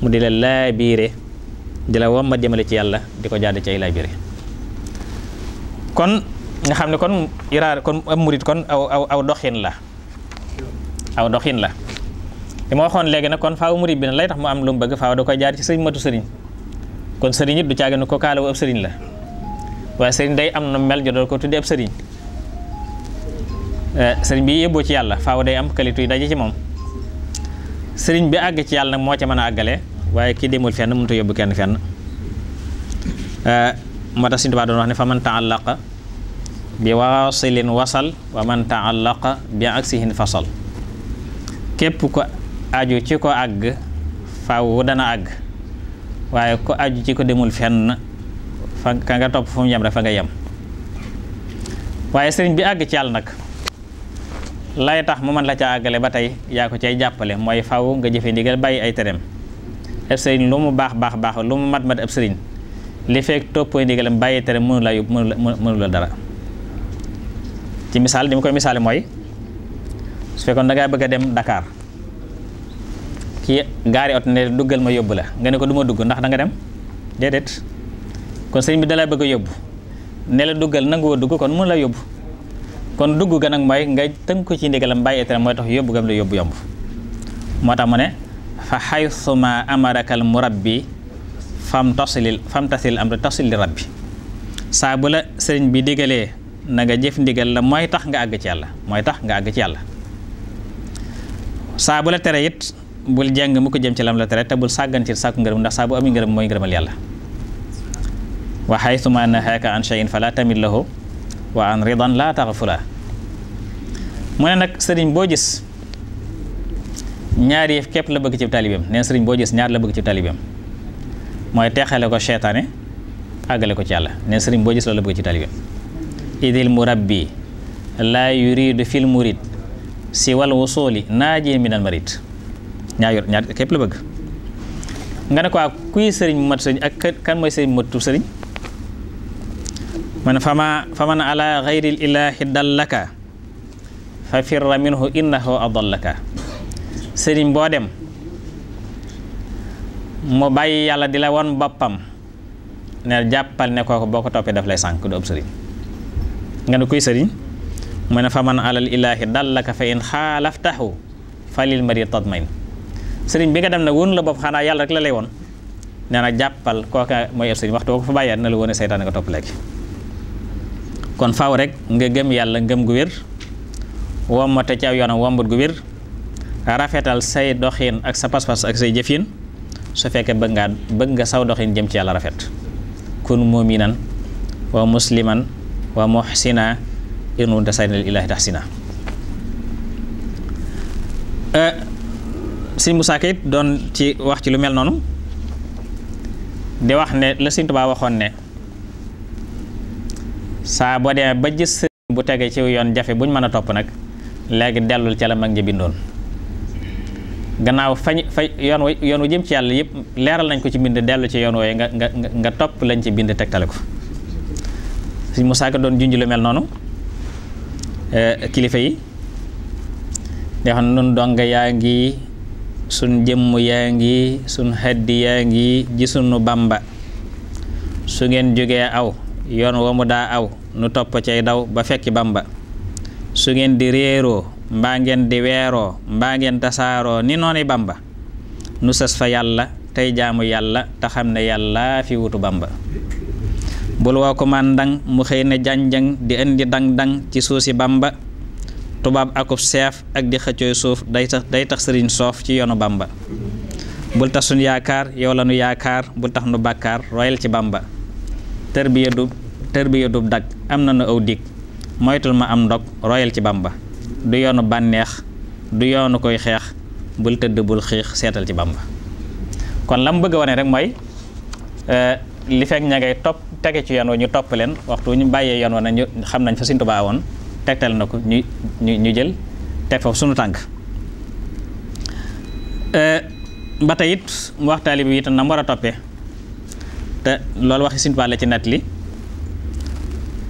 mu di la laabiire di la ma jëmale ci yàlla di ko jaade ci ay laabiire kon nga xam ne kon iraar kon am murit kon aw doxin la aw doxin la li ma waxoon léegi kon faaw murit bi ne lay tax mu am lu mu bëgg faaw da koy jaar ci sëriñ matu sëriñ kon sëriñ it du caagin ko kaalawu ab sëriñ la waaye sëriñ day am na mel jo dool ko tuddi ab sëriñ Eh, sëriñ bi yëbboo ci yàlla faaw day am qualité yu daje ci moom sëriñ bi àgg ci yàlla nag moo ci mën a àggale waaye ki demul fenn mënut a kenn fenn eh, moo tax Sëriñ Tuubaa doon wax ne fa man taallaqa bi waasilin wasal wa man taallaqa bi aksihin képp ko aju ci ko àgg faw dana àgg waaye ko aju ci ko demul fenn fa nga topp fu mu rek fa nga yem waaye sëriñ bi àgg ci yàlla nag lay tax mu mën la ca àggale ba tey yaa ko cay jàppale mooy faw nga jëfe ndigal bàyyi ay tereem ab sëriñ lu mu baax baax baax lu mu mat mat ab sëriñ li fekk toppooy ndigalam bàyyi tereem mënu la yóbbu mënu la dara ci misaal di mu koy misaale mooy su fekkoon da bëgg a dem Dakar kii gaari oto ne duggal ma yóbbu la nga ne ko du ma dugg ndax danga dem déedéet kon sëriñ bi dalaa bëgg a yóbbu ne la duggal nangoo dugg kon mënu la yóbbu kon dugg ga nag mooy nga ko ci ndigalam bàyyi mooy tax yóbbu gam la yóbbu yomb moo tax mu ne fa xaysuma amarakal murabbi fam tasilil fam tasil amra tasilil rabbi saa bu la bi digalee na nga la mooy tax nga àgg ci mooy tax nga àgg ci yàlla saa bu la tere it bul jàng mu ko jëm ci lam la tere te bul sàggan ci sàkku ngërëm ndax saa bu ngër ngërëm mooy ngërëmal yàlla wa xaysuma nahaaka an shay'in fala tamil lahu wa an ridan laa taxafula mu ne nag sëriñ boo gis ñaar yëf képp la bëgg ci taalibeem neen sëriñ boo gis ñaar la bëgg ci taalibeem mooy teexale ko seytaane àggale ko ci àlla neen sëriñ boo gis loolu la bëgg ci taalibeem idil murabbi laa yuridu fil murid si wal wusuli naaji minal marid ñaar ñaar képp la bëgg nga ne ko kuy sëriñ mat sëriñ ak kan mooy sëriñ matu sëriñ mu ne fama faman ala xayril ilaahi dallaka fa firra minhu innahu adallaka sëriñ boo dem mu bàyyi yàlla di la won boppam ne jàppal ne kooku boo ko toppee daf lay sànk du ab sëriñ nga ne kuy sëriñ mu ne fa man alal ilaahi dallaka fa in xaalaftahu fa lil mari tatmain sëriñ bi nga dem na won la bopp xanaa yàlla rek la lay woon nee na jàppal kooka mooy ab sëriñ waxtu boo ko fa bàyyee na la wone seytaane nga topp léegi kon faaw rek nga gëm yàlla ngëm gu wér wommate ci aw yoonam wombut gu wér rafetal say doxin ak sa pas-pas ak say jëfin su fekkee bëgg bëgg nga saw doxin jëm ci yàlla rafet kun muminan wa musliman wa muhsina inunta saynal ilahi tahsina eh, sëñ Musaa Ka it doon ci wax ci lu mel noonu di wax ne la sëñ Tuubaa waxoon ne saa boo demee ba gis sëriñ bu tegee ci yoon jafe buñ mën a topp nag léegi dellul ca la mag ñi bindoon gannaaw fañ fa yoon wu yoon wu jëm ci yàlla yëpp leeral nañ ko ci bind dellu ci yoon wooye nga nga nga topp lañ ci bind tegtale ko doon junj mel noonu eh, kilifa yi nga xam dong yaa ngi suñ jëmm yaa ngi suñ xeddi yaa ngi gisuñu Bàmba su ngeen mu daa aw nu topp cay daw ba fekki Bamba su ngeen di réeroo mbaa ngeen di weeroo mbaa ngeen tasaaroo ni noonu Bamba nu sës fa yàlla tey jaamu yàlla te xam ne yàlla fi wutu Bamba bul woo mu xëy ne janjang di indi dang-dang ci suusi Bamba tubaab akub seef ak di xëccooy suuf day tax day tax sëriñ soof ci yoonu bàmba bul tax yaakaar yow la yaakaar bul tax nu bàkkaar royal ci bàmba tër bi yëddu tër bi yëddu dagg am na na aw dig moytul ma am ndog royal ci ba du yoonu bànneex du yoonu koy xeex bul tëdd bul xiix seetal ci ba kon lam bëgg a wane rek mooy euh, li fekk ña ngay topp tege ci yoon wa ñu topp leen waxtu ñu bàyyee yoon wa na xam nañ fa Sëriñ Tuubaa woon tegtal na ko ñu ñu jël teg foofu sunu tànk euh, ba tey it mu wax taalib yi itam na mu war a toppee te loolu waxi Sëriñ la ci nett li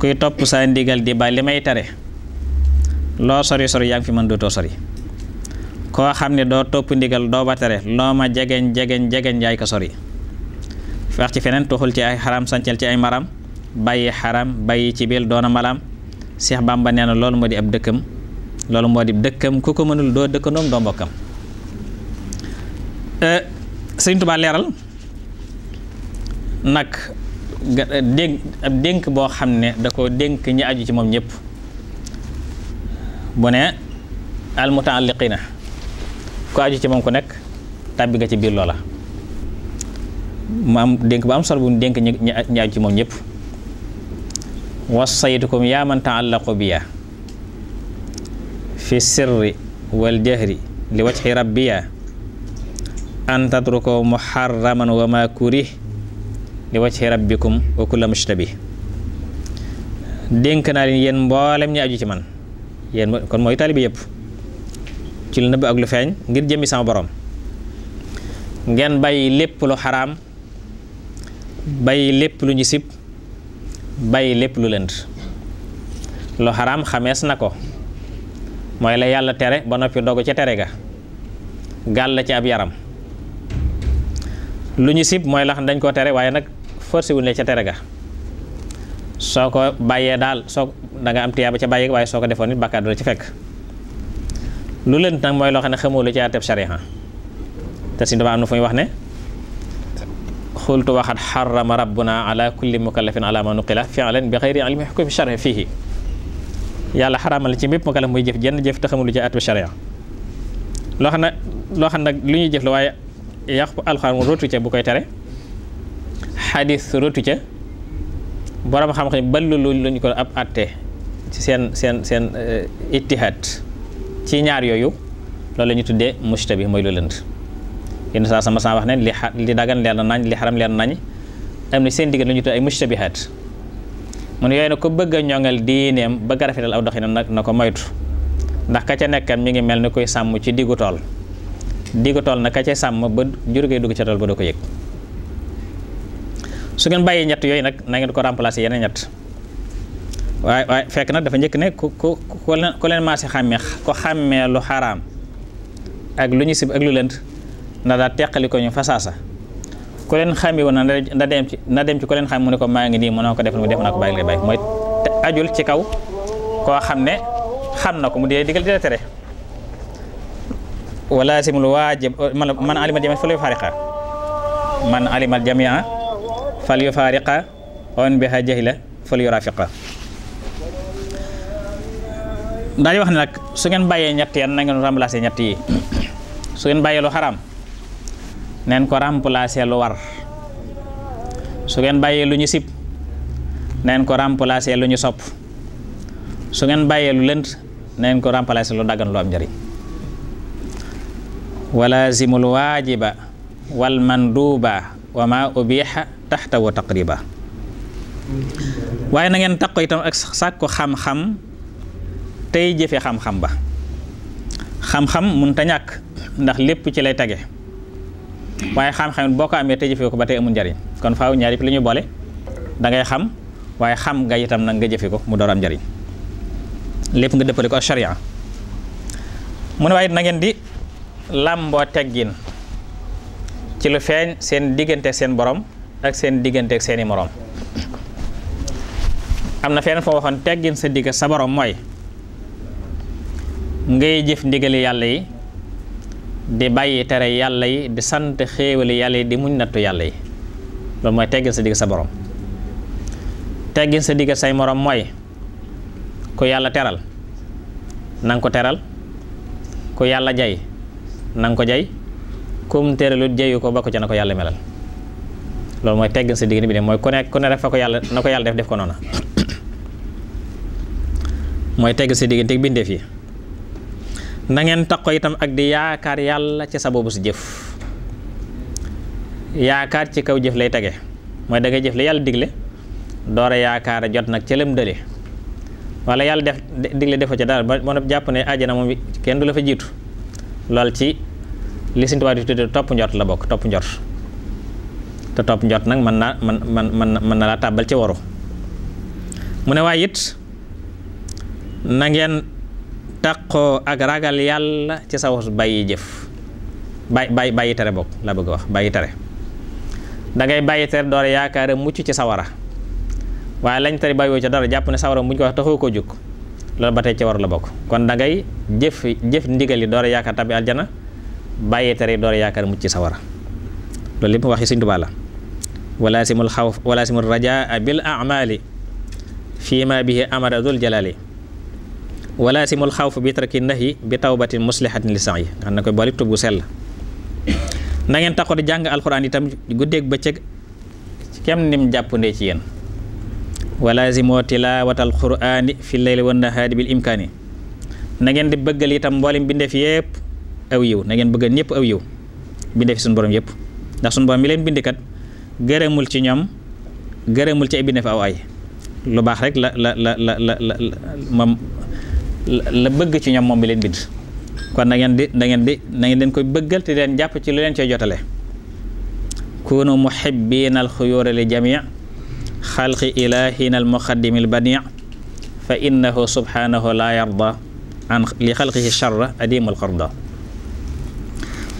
kuy topp saa ndigal di ba li may tare loo sori sori yaa ngi fi mën dootoo sori koo xam ne doo topp ndigal doo ba tare loo ma jegeñ jegeñ jegeñ yaay ko sori feex ci feneen tuxul ci ay xaram sancal ci ay maram bàyyi xaram bàyyi ci biir doona malaam Cheikh Bamba nee na loolu moo di ab dëkkam loolu moo di dëkkam ku ko mënul doo dëkkandoom doo mbokkam eh, Sëriñ Tuubaa leeral nag Eh, dénk boo xam ne da ko dénk ñi aju ci moom ñëpp bone ne almutaalliqina ku aju ci moom ku nekk tàbbi nga ci biir loola mu am dénk bu am solo bu dénk ñi ñi aju ci moom ñëpp wasaytukum yaa man taallaqu biya fi sirri wal jahri li wajhi rabbiya an tatruko muharraman wa ma li wajhi rabbikum wa kulla bi dénk naa leen yéen mboolem ñi aju ci man yéen kon mooy taalibi yëpp ci lu nëbb ak lu feeñ ngir jëmmi sama borom ngeen bàyyi lépp lu xaraam bàyyi lépp lu ñu sib bàyyi lépp lu lënd lu xaraam xamees na ko mooy la yàlla tere ba noppi dogu ca tere ga gàll ci ab yaram lu ñu sib mooy la xam dañ koo tere waaye nag forcé wuñ la ca tere ga soo ko bàyyee daal soo danga nga am tiyaaba ca bàyyi waaye soo ko defoon nit bàkkaar du la ci fekk lu leen nag mooy loo xam ne xamoo lu ci àtteb sariya te wax ne xultu waxat xarama rabbuna ala kulli mukallafin ala ma nuqila fi'lan bi xayri ilmi xukmi shar'i fiihi yàlla ci bépp mukallaf muy jenn jëf te xamul lu ci loo xam ne loo xam nag lu ñuy jëf la waaye yàqu alxuraan mu rootu ca bu koy tere xadis rotu ca borom xam-xam ba loolu lañu ko ab àtte ci seen seen seen eh, ittihaad ci ñaar yooyu loolu lañu tuddee mushtabih mooy lu lënd yenn saa sama saa wax ne li li dagan leer na nañ li xaram leer nañ am na seen diggante lu ñu tuddee ay mushtabihaat mu ne yooyu nag ko bëgg a ñoŋal diineem bëgg a rafetal aw doxinam nag na ko moytu ndax ka ca nekkan mi ngi mel ni koy sàmm ci diggu tool diggu tool na ka ca sàmm ba jur gay dugg ca tool ba doo ko yëg su ngeen bàyyee ñett yooyu nag na ngeen ko remplacer yeneen ñett waaye waaye fekk nag dafa njëkk ne ku ku ku leen leen maase xàmmee ko xàmmee lu xaraam ak lu ñu sib ak lu lënt na daa teqali ko ñu fasaasa ku leen xàmmee woon na dem ci na dem ci ku leen xam mu ne ko maa ngi nii mënoo ko def mu def naa ko bàyyi lay bàyyi mooy ajul ci kaw koo xam ne xam na ko mu dee digal di la tere wala simul waajib man alima jamia fa lay fariqa man alimal jamia fal yufaariqa on biha jahila fal yurafiqa daal di wax ne nag su ngeen bàyyee ñett yan na ngeen remplacé ñett yi su ngeen bàyyee lu xaram neen ko remplacé lu war su ngeen bàyyee lu ñu sib neen ko remplacé lu ñu sop su ngeen bàyyee lu lënt neen ko remplacé lu daggan lu am njëriñ walazimul waajiba wal manduuba wa ma ubiha taxtawu taqriba waaye na ngeen ko itam ak sàkku xam-xam tey jëfe xam-xam ba xam-xam mun ta ñàkk ndax lépp ci lay tage waaye xam-xam boo ko amee tey jëfe ko ba tey amul njariñ kon faaw ñaar yëpp li ñuy boole dangay xam waaye xam nga itam nag nga jëfe ko mu door njariñ lépp nga dëppale ko ak sharia mu ne waaye na di làmboo teggin ci lu feeñ seen digganteeg seen borom ak seen digganteeg seeni moroom am na feneen foo waxoon teggin sa digg sa borom mooy ngay jëf ndigali yàlla yi di bàyyi tere yàlla yi di sant xéewali yàlla yi di muñ nattu yàlla yi loolu mooy teggin sa digg sa borom teggin sa digg say moroom mooy ku yàlla teral nanga ko teral ku yàlla jay nanga ko jay kum tëralut jeyu ko bokk ca na ko yàlla melal loolu mooy teggin sa diggante bi ne mooy ku ne ku ne rek fa ko yàlla na ko yàlla def def ko noona mooy teggin sa diggante ak bindeef yi na ngeen itam ak di yaakaar yàlla ci sababu si jëf ci kaw lay tege mooy da jëf la yàlla digle door a jot nag ca lëm dële wala yàlla def digle moom kenn du la fa jiitu lool ci li sint Tuubaa di topp njort la bokk topp njort te topp njot nag mën naa mën mën mën na laa tàbbal ci waru mu ne waaye it na ngeen taqoo ak ragal yàlla ci saw bàyyi jëf bàyyi bàyyi tere bokk la bëgg wax bàyyi tere dangay ngay bàyyi tere door yaakaar mucc ci sawara waaye lañ tere bàyyiwoo ca dara jàpp ne sawara muñ ko wax taxoo koo jóg loolu ba tey ci war la bokk kon dangay jëf jëf ndigal yi door yaakaar tabbi aljana bàyyi tere door yaakaar mucc sawara loolu lépp waxi Sëriñ Tuubaa la walaasimul xawf rajaa bil amali fii ma bihi amara dul jalali walaasimul xawf bi tarki nahyi bi tawbatin muslihatin lisan yi xam na koy boole tub gu sell na ngeen taxaw di jàng alxuraan itam guddeeg bëccëg kem nim jàppandee ci yéen walaazimoo tilaawatal quraani fi layli wan nahaari bil imkaani na ngeen di bëggal itam mboolem bindeef yépp aw yiw na ngeen bëggal ñëpp aw yiw bindee fi suñu boroom yëpp ndax suñu borom mi leen bindikat gërëmul ci ñoom gërëmul ci ay bindee fa aw ay lu baax rek la la la la bëgg ci ñoom moom mi leen bind kon na ngeen di na ngeen di na ngeen leen koy bëggal leen jàpp ci lu leen cee jotale kunu muhibbiina alxuyuura li jamii xalqi ilaahina almuqaddimi albanii fa innahu subhanahu la yarda an li xalqihi charra adimul xarda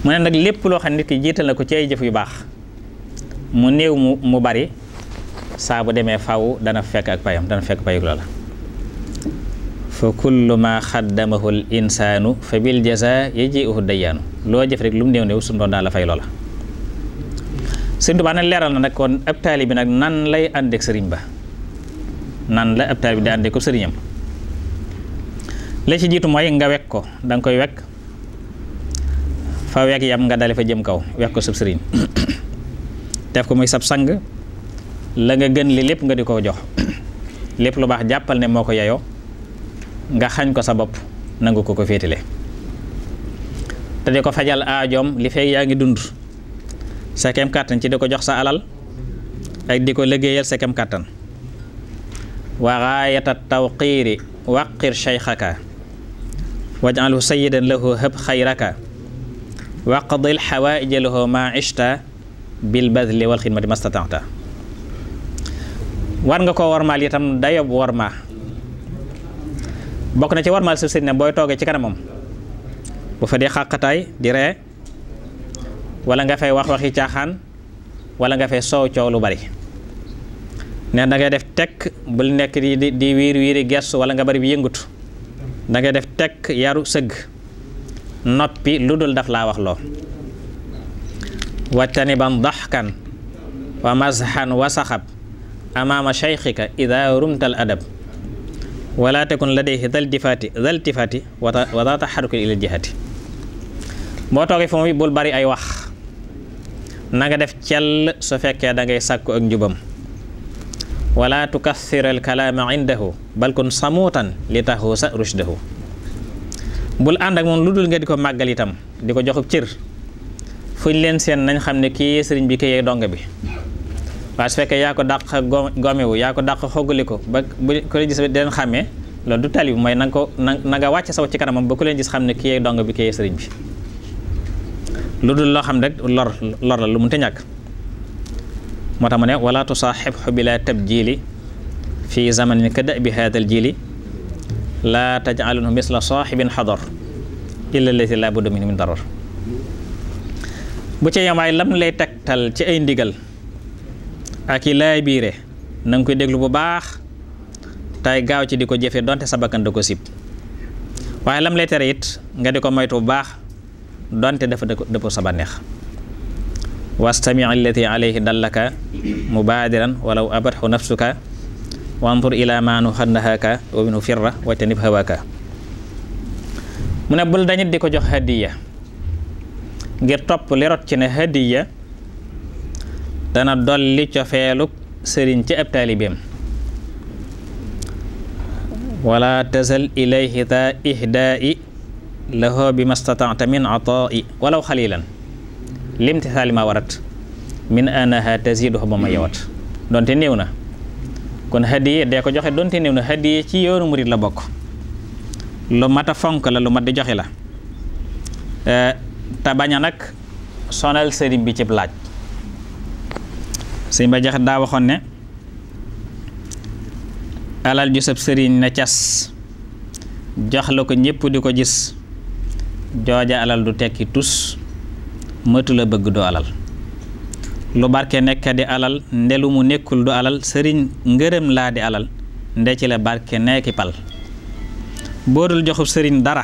mu ne nag lépp loo xam ne nit ki jiital na ko ci ay jëf yu baax mu néew mu mu bari saa bu demee faw dana fekk ak payam dana fekk payug loola foo kullu ma xaddamahu l insaanu fa bil jaza yaji'uhu loo jëf rek lu mu néew néew suñu daal la fay loola ba Tuubaa nag leeral na nag kon ab taali bi nag nan lay àndeek sëriñ ba nan la ab taali bi di ko sëriñam la ci jiitu mooy nga wekk ko danga koy wekk fa week yam nga dale fa jëm kaw week ko sub def ko muy sab sang la nga gën li lépp nga di ko jox lépp lu baax jàppal ne moo ko yeyoo nga xañ ko sa bopp nangu ko ko féetale te di ko fajal aajoom li fekk yaa ngi dund sa kàttan ci di ko jox sa alal ak di ko liggéeyal sa kem kàttan wa gaayata tawqiiri waqir shaykhaka waj'alhu sayyidan lahu hëb xayraka waqdil xawaaija lahu ma ishta bil badli wal xidmati mastatanta war nga koo warmaal day dayob warma bokk na ci warmaal suuf ne booy toogee ci kanamam bu fa dee xàqataay di ree wala nga fay wax waxi caaxaan wala nga fay soow coow lu bari ne da ngay def tek bul nekk di di wiir wiiri gestu wala nga bari bi yëngutu dangay def tek yaru sëgg noppi lu dul daf laa wax loo wajtaniban daxkan wa mazxan wa saxab amaama cheyxika ida rumtal adab wala takun ladayhi daltifati daltifati wa daa jihati boo toogee fu mu bul bari ay wax nanga def cell soo fekkee da ngay sàkku ak njubam wala tukathir al kalaama indahu bal kun samuutan li taxuusa rushdahu bul ànd ak moom lu dul nga di ko màggal itam di ko joxub cër fuñ leen seen nañ xam ne kii sëriñ bi kii dong bi waaye su fekkee yaa ko dàq gomewu yaa ko dàq xoggali ko ba bu ku leen gis di leen xàmmee du tali bi mooy ko na nga wàcce saw ci kanamam ba ku gis xam ne kii dongo bi kii sëriñ bi lu dul loo xam rek lor lor la lu mënta ñàkk moo tax mu ne wala tusaaxibhu bila tabjili fi zamanin kada bi haadal jili laa taj'alhu misla saaxibin xadar illa llati laa budda minhu min darar bu ca yamaay lam lay tegtal ci ay ndigal ak i laay biire na koy déglu bu baax tay gaaw ci di ko jëfe donte sa bakkan da ko sib waaye lam lay tere it nga di ko moytu bu baax donte dafa dëpp sa bànneex wastami allati alayhi dallaka mubaadiran walaw abathu nafsuka wandur ila maanu xandaxaaka wa minhu firra wajtanib hawaaka mu ne bul dañit di ko jox hadiya ngir topp li ci ne hadiya dana dolli cofeeluk sëriñ ci ab taalibeem wala tasal ilayhi ta ihdaa'i lahoo bi mastata'ta min ataa'i walaw xalilan limtisaali ma warat min anaha taziduhu ba ma yawat donte néew na kon hadiye dee ko joxe donte néew na hadiye ci yoonu murit la bokk lu mat a fonk la lu mat di joxe la eh, te nag sonal sëriñ bi cib laaj sëriñ ba joxe daa waxoon ne alal ju sab sëriñ na cas jox la ko ñépp di ko gis jooja alal du tekki tus mëtu la bëgg doo alal lu barke nekka di alal nde lu mu nekkul du alal sëriñ ngërëm laa di alal nde ci la barke nekki pal boo dul joxub sëriñ dara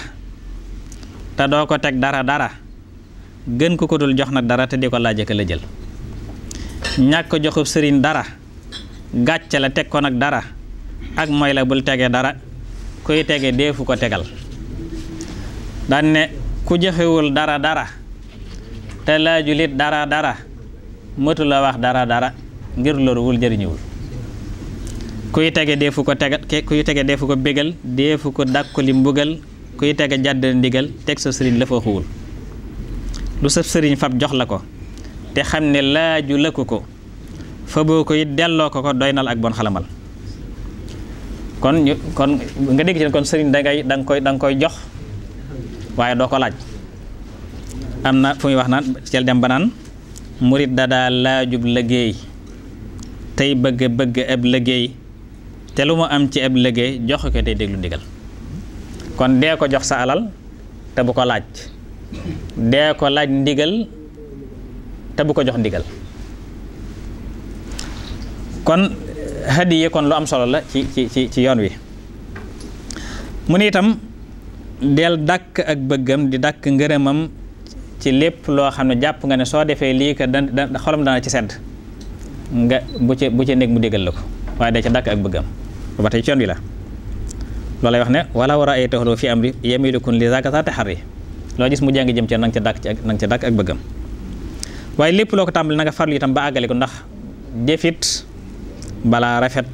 te doo ko teg dara dara gën ku ko dul jox na dara te di ko laaj ak la jël ñàkk joxub sëriñ dara gàcce la teg ko nag dara ak moy la bul tege dara kuy tege deefu ko tegal daan ne ku joxewul dara dara te laajulit dara dara mëtula wax dara dara ngir loruwul jëriñëwul kuy tege deefu ko tegat kuy tege deefu ko bégal deefu ko dàkkuli mbugal kuy tege jàddal ndigal teg sa sëriñ la fa xuwul lu sa sëriñ fab jox la ko te xam ne laaju lëkku ko fa boo ko delloo ko ko doy nal ak bon xalamal kon ñu kon nga dégg ci kon sëriñ dangay danga koy danga koy jox waaye doo ko laaj am na fu muy wax naan cel dem ba naan murit dada laajub liggéey tey bëgg bëgg ab liggéey te lu mu am ci ab liggéey jox ko tey déglu ndigal kon dee ko jox sa alal te bu ko laaj dee ko laaj ndigal te bu ko jox ndigal kon hadiye kon lu am solo la ci ci ci ci yoon wi mu ni itam del dàkk ak bëggam di dàkk ngërëmam ci lépp loo xam ne jàpp nga ne soo defee lii que da xolam dana ci sedd nga bu ci bu ci nekk mu déggal la ko waaye da ca dàkk ak bëggam ba tey coon la loolu lay wax ne wala war a ay taxaloo fi am ri yemilukun li zaka sa taxar yi loo mu jàng jëm ci nanga ca dàkk ci ak nanga ca dàkk ak bëggam waaye lépp loo ko tàmbali na nga farlu itam ba àggale ko ndax jëfit balaa rafet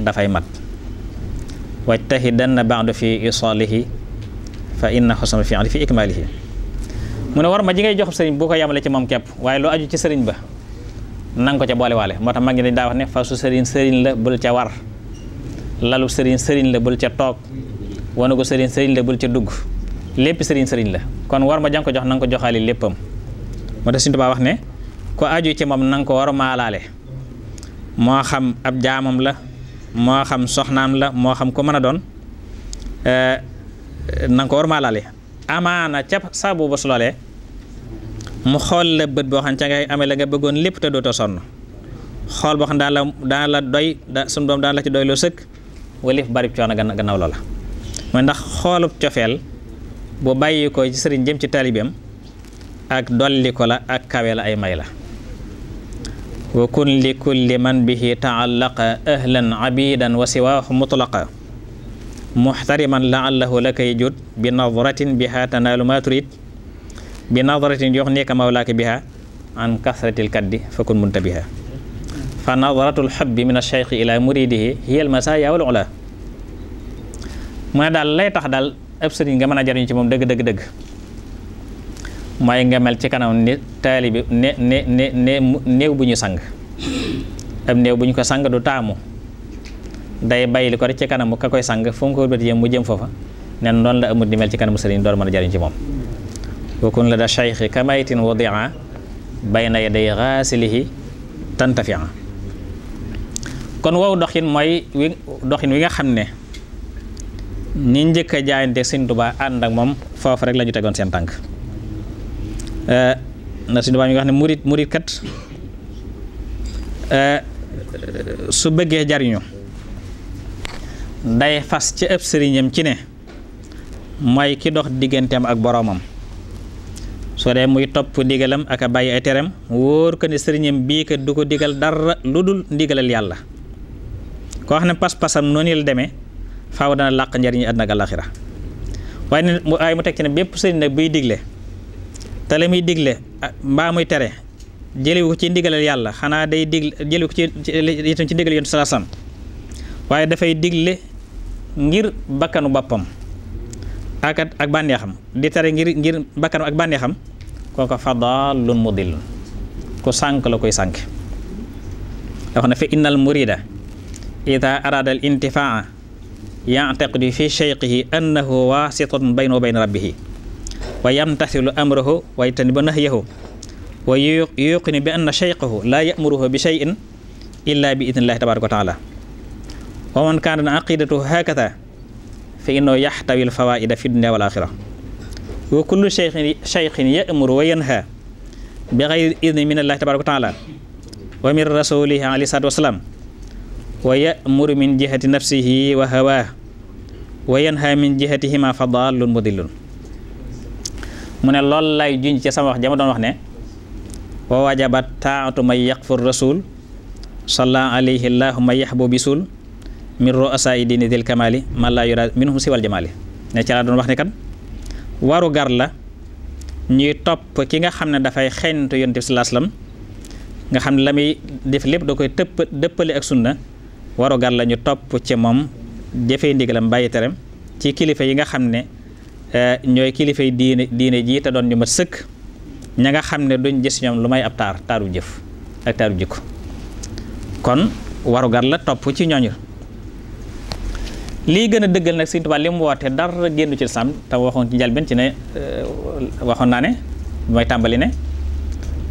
dafay mat wajtahidanna ba'du fi isalihi fa inna xusnal fi'li fi ikmalihi mu ne war ma ji ngay jox sëriñ boo ko yamale ci moom képp waaye loo aju ci sëriñ ba nanga ko ca boole moo tax mag ñi dañ daa wax ne fasu sëriñ sëriñ la bul ca war lalu sëriñ sëriñ la bul ca toog wane ko sëriñ la bul ca dugg lépp sëriñ sëriñ la kon war ma jang ko jox nanga ko joxaale léppam moo tax wax ne ko aju ci moom nanga ko war maalaale moo xam ab jaamam la moo xam soxnaam la moo xam ku mën a doon eh, nanga ko war maalaale amaana ca saabu ba su loolee mu xool la bët boo xam ca ngay amee nga bëggoon lépp te dootoo sonn xool boo xam daal la daal la doy da suñu la ci doy loo sëkk walif bari coono gannaaw loola mooy ndax xoolub cofeel bu bàyyi ko ci sëriñ jëm ci taalibeem ak dolli la ak kawe la ay may la wa kun li kulli man bihi taallaqa ahlan abidan wa siwaahu mutlaqa muxtariman laallahu la kay jot bi nadratin biha tanaalu ma turid bi nadratin yox neeka mawlaaka an kasratil kaddi fakun muntabiha fa nadratul xobbi min alcheyqi ila muridihi hiya al masaaya mu ne daal lay tax daal ab nga mën a jariñ ci moom dëgg dëgg dëgg mooy nga mel ci kanam ni taalibi ne ne néew bu ñu sang ab néew bu ñu ko sang du taamu day bàyyi ko rek ci kanamu ka koy sang fu mu ko wëlbati jëm mu jëm foofa nen noonu la amut di mel ci kanamu sëriñ door mën a jariñ ci moom wakun la da cheikhi kamaytin wadia bayna yaday kon wow doxin mooy wi doxin wi nga xam ne ni njëkk a jaayante sëñ Tuubaa ànd ak moom foofu rek la ñu tegoon seen tànk na sëñ Tuubaa nga xam ne murit murit kat su bëggee jariñu day fas ci ab sëriñam ci ne mooy ki dox digganteem ak boroomam soo dee muy topp ndigalam ak a bàyyi ay teram wóor ko ne sëriñam bii kat du ko digal dara lu dul ndigalal yàlla koo xam ne pas-pasam noonu la demee faaw dana làq njariñu àddina ak àllaaxira waaye ne waaye mu teg ne bépp sëriñ nag buy digle te la muy digle ah, mbaa muy tere jëliwu ko ci ndigalal yàlla xanaa day digle jëliwu ko ci itam ci ndigal yonent salaasam waaye dafay digle ngir bakkanu boppam ak ak bànneexam di tere ngir ngir bakkanu ak bànneexam kooka fadalun mudillun ku sànk la koy sànk wax na fa innal murida ida arada al intifaa yantaqidu fi cheyqihi annahu wasitun baynahu wa bayna rabbihi wa yamtasilu amrahu wa yatanibu nahyahu wa yuqinu bi anna cheyqahu laa yamuruhu bi cheyin illa bi idnillahi tabaraka wa taala wa man kaanat aqidatuhu hakada fa innahu yaxtawi alfawaida fi dunia wal axira wa kullu yamuru wa yanha bi xayri idni min allahi tabaraka wa taala min rasulihi alayhi salatu wasalaam wa yamuru min jihati nafsihi wa hawaa wa min jihatihi ma mu ne loolu lay junj ci wax jama doon wax ne wa taatu man yaqfur rasul salla alayhi allahuma yaxbu bisul min roasa yi diini dil kamali man laa yura minhum siwal jamali ne ca laa doon wax ne kan waru la ñuy topp ki nga xam ne dafay xeeñtu yonent bi sallallahu alayhi nga xam ne la muy def lépp da koy tëpp dëppale ak sunna waru gar la ñu topp ci moom jëfee ndigalam bàyyi teram ci kilifa yi nga xam ne e, ñooy kilifa yi diine diine jii te doon ñu ma sëkk ña nga xam ne duñ gis ñoom lu may ab taar taaru jëf ak taaru jikko kon warugar la topp ci ñooñu lii gën a dëggal nag Sëriñ Tuubaa li mu woote dara génn ci lislaam te waxoon ci njëlbeen ci ne euh, waxoon naa ne mooy tàmbali ne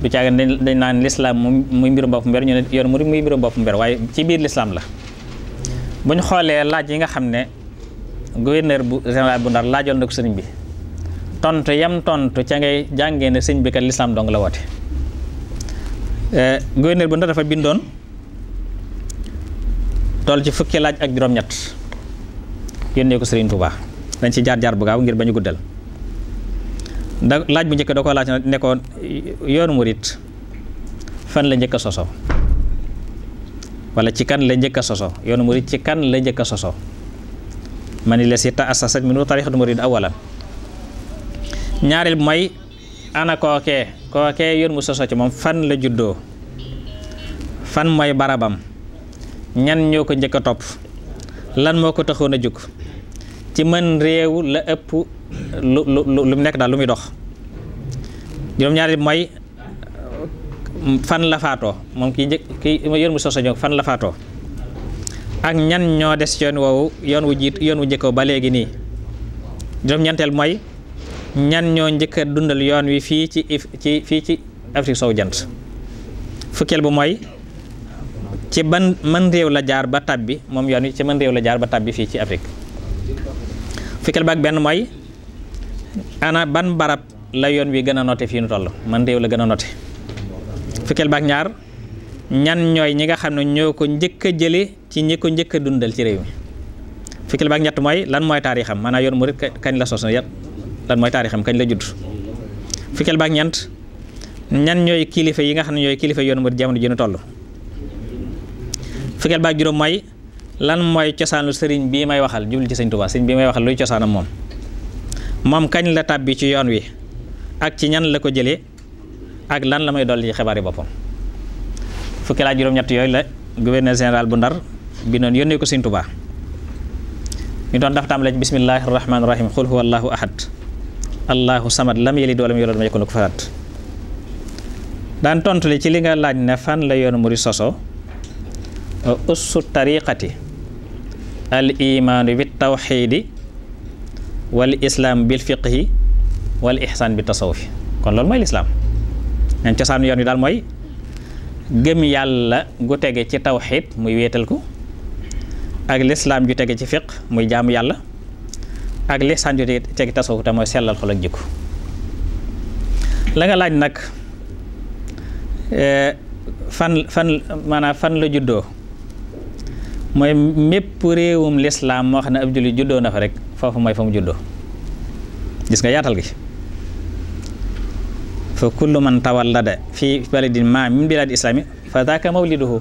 du caagan dañ naan lislaam muy mbirum bopp mber ñu yoon mu muy mbirum bopp mber waaye ci biir lislaam la bu ñu xoolee laaj yi nga xam ne gouverneur bu général bu Ndar laajoo na ko bi tontu yam tontu ca ngay jàngee ne sëriñ bi kat lislaam dong la woote euh, gouverneur bu Ndar dafa bindoon toll ci fukki laaj ak juróom yónnee ko Serigne Touba dañ ci jaar jaar bu gaaw ngir bañu guddal da laaj bu njëkk da koo laaj ne nekkoon yoonu murit fan la njëkk a soso wala ci kan la njëkk soso yoonu murit ci kan la njëkk a soso ma ni la si ta asasat minu tarixatu murid awalan ñaareel mooy ana kookee kookee yoon mu soso ci moom fan la juddoo fan mooy barabam ñan ñoo ko njëkk a topp lan moo ko taxoon a jóg ci mën réew la ëpp lu lu mu nekk daal lu muy dox juróom-ñaari mooy fan la faatoo moom ki njëkk ki yoon mu soso ñoo fan la faatoo ak ñan ñoo des yoon woowu yoon wu jiit yoon wu njëkkoo ba léegi nii juróom-ñeenteel mooy ñan ñoo njëkk dundal yoon wi fii ci ci fii ci Afrique sow jant fukkeel bu mooy ci ban man réew la jaar ba tabbi moom yoon wi ci man réew la jaar ba tabbi fii ci Afrique fukkeel baak benn mooy ana ban barab la yoon wi gën a noté fii nu toll man réew la gën a noté fukkeel baak ñaar ñan ñooy ñi nga xam ne ñoo ko njëkk a jële ci ñi ko njëkk dundal ci réew mi fukkeel baak ñett mooy lan mooy taarixam maanaam yoon murid kañ la sos na yépp lan mooy taarixam kañ la judd fukkeel baak ñeent ñan ñooy kilifa yi nga xam ne ñooy kilifa yoon murid jamono ji nu toll fukkeel ba ak juróom mooy lan mooy cosaanu sëriñ bii may waxal jubli ci sëñ Tuubaa sëriñ bii may waxal luy cosaanam moom moom kañ la tàbbi ci yoon wi ak ci ñan la ko jële ak lan la may dolli ci xibaar yi boppam fukkeel ak juróom-ñett yooyu la gouverneur général bu Ndar bi noonu yónnee ko sëñ Tuubaa ñu doon dafa tàmbalee ci bismillaahi rahmaani rahiim xul huwa allaahu ahad allahu samad lam yalid wa lam yulad wa lam yakun lahu daan tontu li ci li nga laaj ne fan la yoonu murid soso ussu tariqati al imaanu bi tawxiidi wal islaam bil fiqhi wal ihsaan bi tasawufi kon loolu mooy lislaam ñoom cosaanu yoon wi daal mooy gëm yàlla gu tege ci tawxiid muy wéetal ko ak lislaam ju tege ci fiq muy jaamu yàlla ak lihsaan ju tege ci tasawuf te mooy sellal xol ak jikko la nga laaj nag eh, fan fan maanaam fan la juddoo mooy mépp réewum lislaam moo xam ne ab jullit juddoo na fa rek foofu mooy fa mu juddoo gis nga yaatal gi fa kullu man tawallada fii baladin ma min bilad islami fa zaaka mawliduhu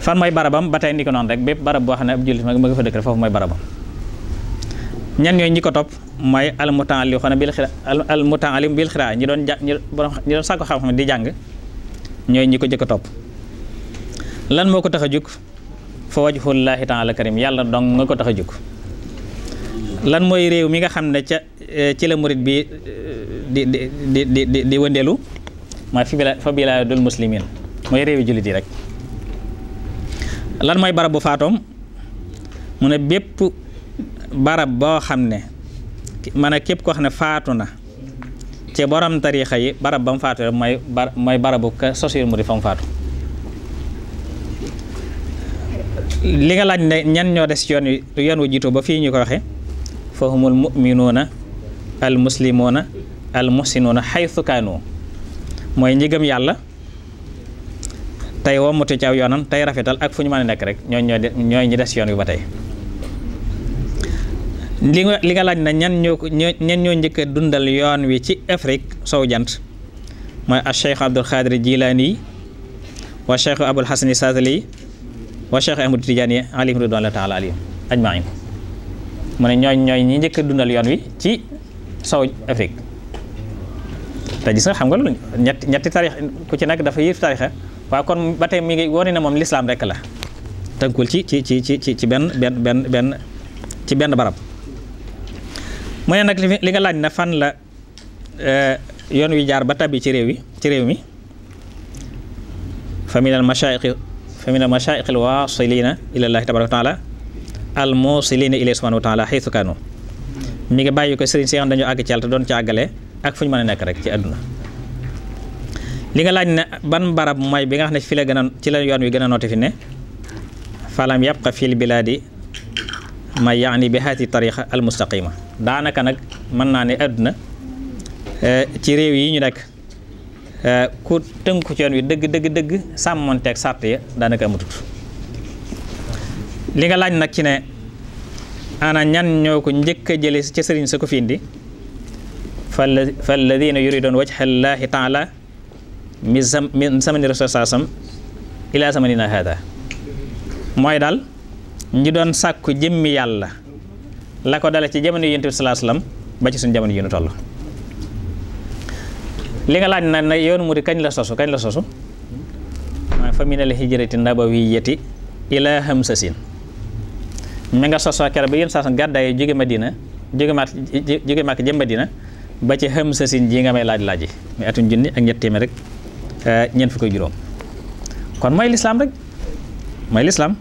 fan mooy barabam ba tey ni ko noonu rek bépp barab boo xam ne ab jullit moo nga fa dëkk rek foofu mooy barabam ñan ñooy ñi ko topp mooy almutaallim xana bil xira almutaallim bil xira ñi doon jàng ñi doon sàkku xam-xam di jàng ñooy ñi ko jëkk a topp lan moo ko tax a jóg fa wajhullaahi taala karim yàlla don nga ko tax a jóg lan mooy réew mi nga xam ne ca eh, ci la murit bi eh, di di di di di wëndeelu mooy fi bila fa mooy réewi jullit yi rek lan mooy barab bu faatoom mu ne bépp barab boo xam ne man a képp koo xam ne faatu na ci borom tariixa yi barab ba mu faatu mooy mooy barabu ka sosu murit fa mu faatu li nga laaj ne ñan ñoo des yoon wi yoon wu jiitu ba fii ñu ko waxee fa humul muminuuna al muslimuuna al muhsinuuna xaytu kaanu mooy ñi gëm yàlla tey wommatu ci aw yoonam tey rafetal ak fu ñu mën a nekk rek ñooñ ñoo ñooy ñi des yoon ba tey li li nga laaj na ñan ñoo ñan njëkk dundal yoon wi ci Afrique sow jant mooy a cheikh abdul xaadir jilaani yi wa abul xasani saasali wa Cheikh Ahmadu Tidiane alayhim ridwanullahi taala alayhim ajmain mu ne ñooñ ñooy ñi njëkk a dundal yoon wi ci sow Afrique te xam nga loolu ñetti ñetti tarix ku ci nag dafa yëf tarixa waaye kon ba tey mi ngi wone ne moom lislaam rek la tënkul ci ci ci ci ci ci benn benn benn benn ci benn barab mu ne nag li nga laaj na fan la euh, yoon wi jaar ba tabbi ci réew yi ci réew mi fa min al mashaayixi fa min mashaayixil waasiliina ilallaahi tabaaraka wa taala al muusiliina ilayhi subhaanahu wa taala xaytu mi ngi bàyyi ko sëriñ si nga xam dañoo àgg ci te doon ci ak fu ñu mën a nekk rek ci àdduna li nga laaj ne ban barab may bi nga xam ne fi la gën a ci la yoon wi gën a nooti fi ne falam yabqa fil bilaadi ma yaani bi haati tariqa al daanaka nag mën naa ne àdduna ci réew yi ñu nekk Eh, ku tënku ci yoon wi dëgg dëgg dëgg sàmmonteeg sàrt ya daanaka amatut li nga laaj nag ci ne ana ñan ñoo ko njëkk a jële ci sëriñ sa ko fa indi fa alladina yuridoon wajha llahi taala mi samani rasul saasam ilaa samanina hada mooy dal ñi doon sàkku jëmmi yàlla la ko dale ci jamono yonent bi salaa salaam ci suñu jamono yi ñu toll li nga laaj na yoonu murid kañ la sosu kañ la sosu maa fa minal hijrati nabawiyati ila hamsasin mi nga sosoo kere ba yén saasan gàddaay jóge Madina jóge maak jóge maak jëm Madina ba ci hamsasin ji nga may laaj laaj yi muy atum junni ak ñett téeméer rek eh, ñeent fukk ak juróom kon mooy lislaam rek mooy lislaam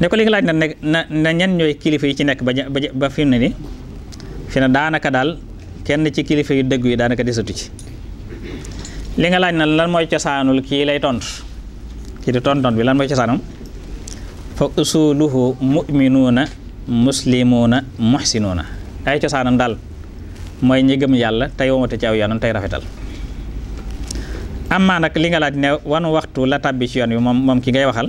ne ko li nga laaj na na na ñan ñooy kilifa yi ci nekk ba ba fi ne ni fi na daanaka daal kenn ci kilifa yu dëgg yi daanaka desatu ci li nga laaj na lan mooy cosaanul kii lay tontu kii di tonton bi lan mooy cosaanam fa usuluhu muminuuna muslimuuna muhsinuuna ay cosaanam daal mooy ñi gëm yàlla tey womate ci aw yoonam tey rafetal amaa nag li nga laaj ne wan waxtu la tàbbi ci yoon wi moom ki ngay waxal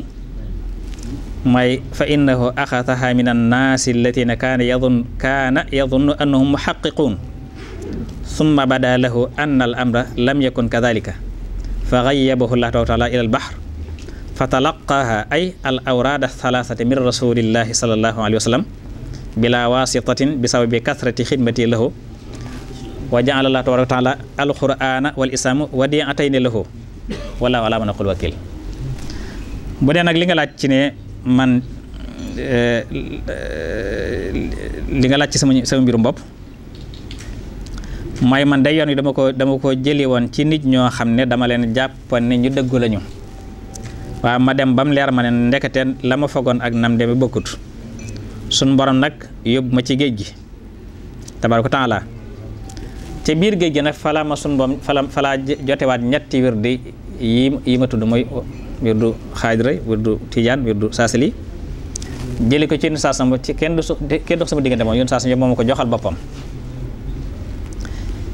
mooy fa innahu axataha min annaasi allatina kaana yadun kaana yadunnu annahum muhaqiquun summa bada lahu anna al amra lam yakun kadalika fa gayyabahu llahu taala ila al bahr fa talaqaha ay al awraada thalathati min rasulillahi sallallahu alayhi wa sallam bila wasitatin bi sababi kathrati xidmati lahu wa jaala allah tabaraka wa taala alqur'ana wal islaamu wadiatayni lahu wala wala man aqul wakil bu dee nag li nga laaj ci ne man eh, eh, li nga laaj ci sama sama mbirum bopp mooy man day yoon wi dama ko dama ko jëli woon ci nit ñoo xam ne dama leen jàpp ne ñu dëggu lañu waaw ma dem ba mu leer ma ne ndekete la ma fogoon ak nam deme bokkut suñ borom nag yóbbu ma ci géej gi tabaraka taala ca biir géej gi nag falaa ma sun boom falaa fala jotewaat ñetti wirdi yi yi ma tudd mooy wirdu xaadira wirdu tijaan du saasili jëli ko ci yenn saasam ci kenn du kenn du sama diggante moom yenn saasam yëpp moo ma ko joxal boppam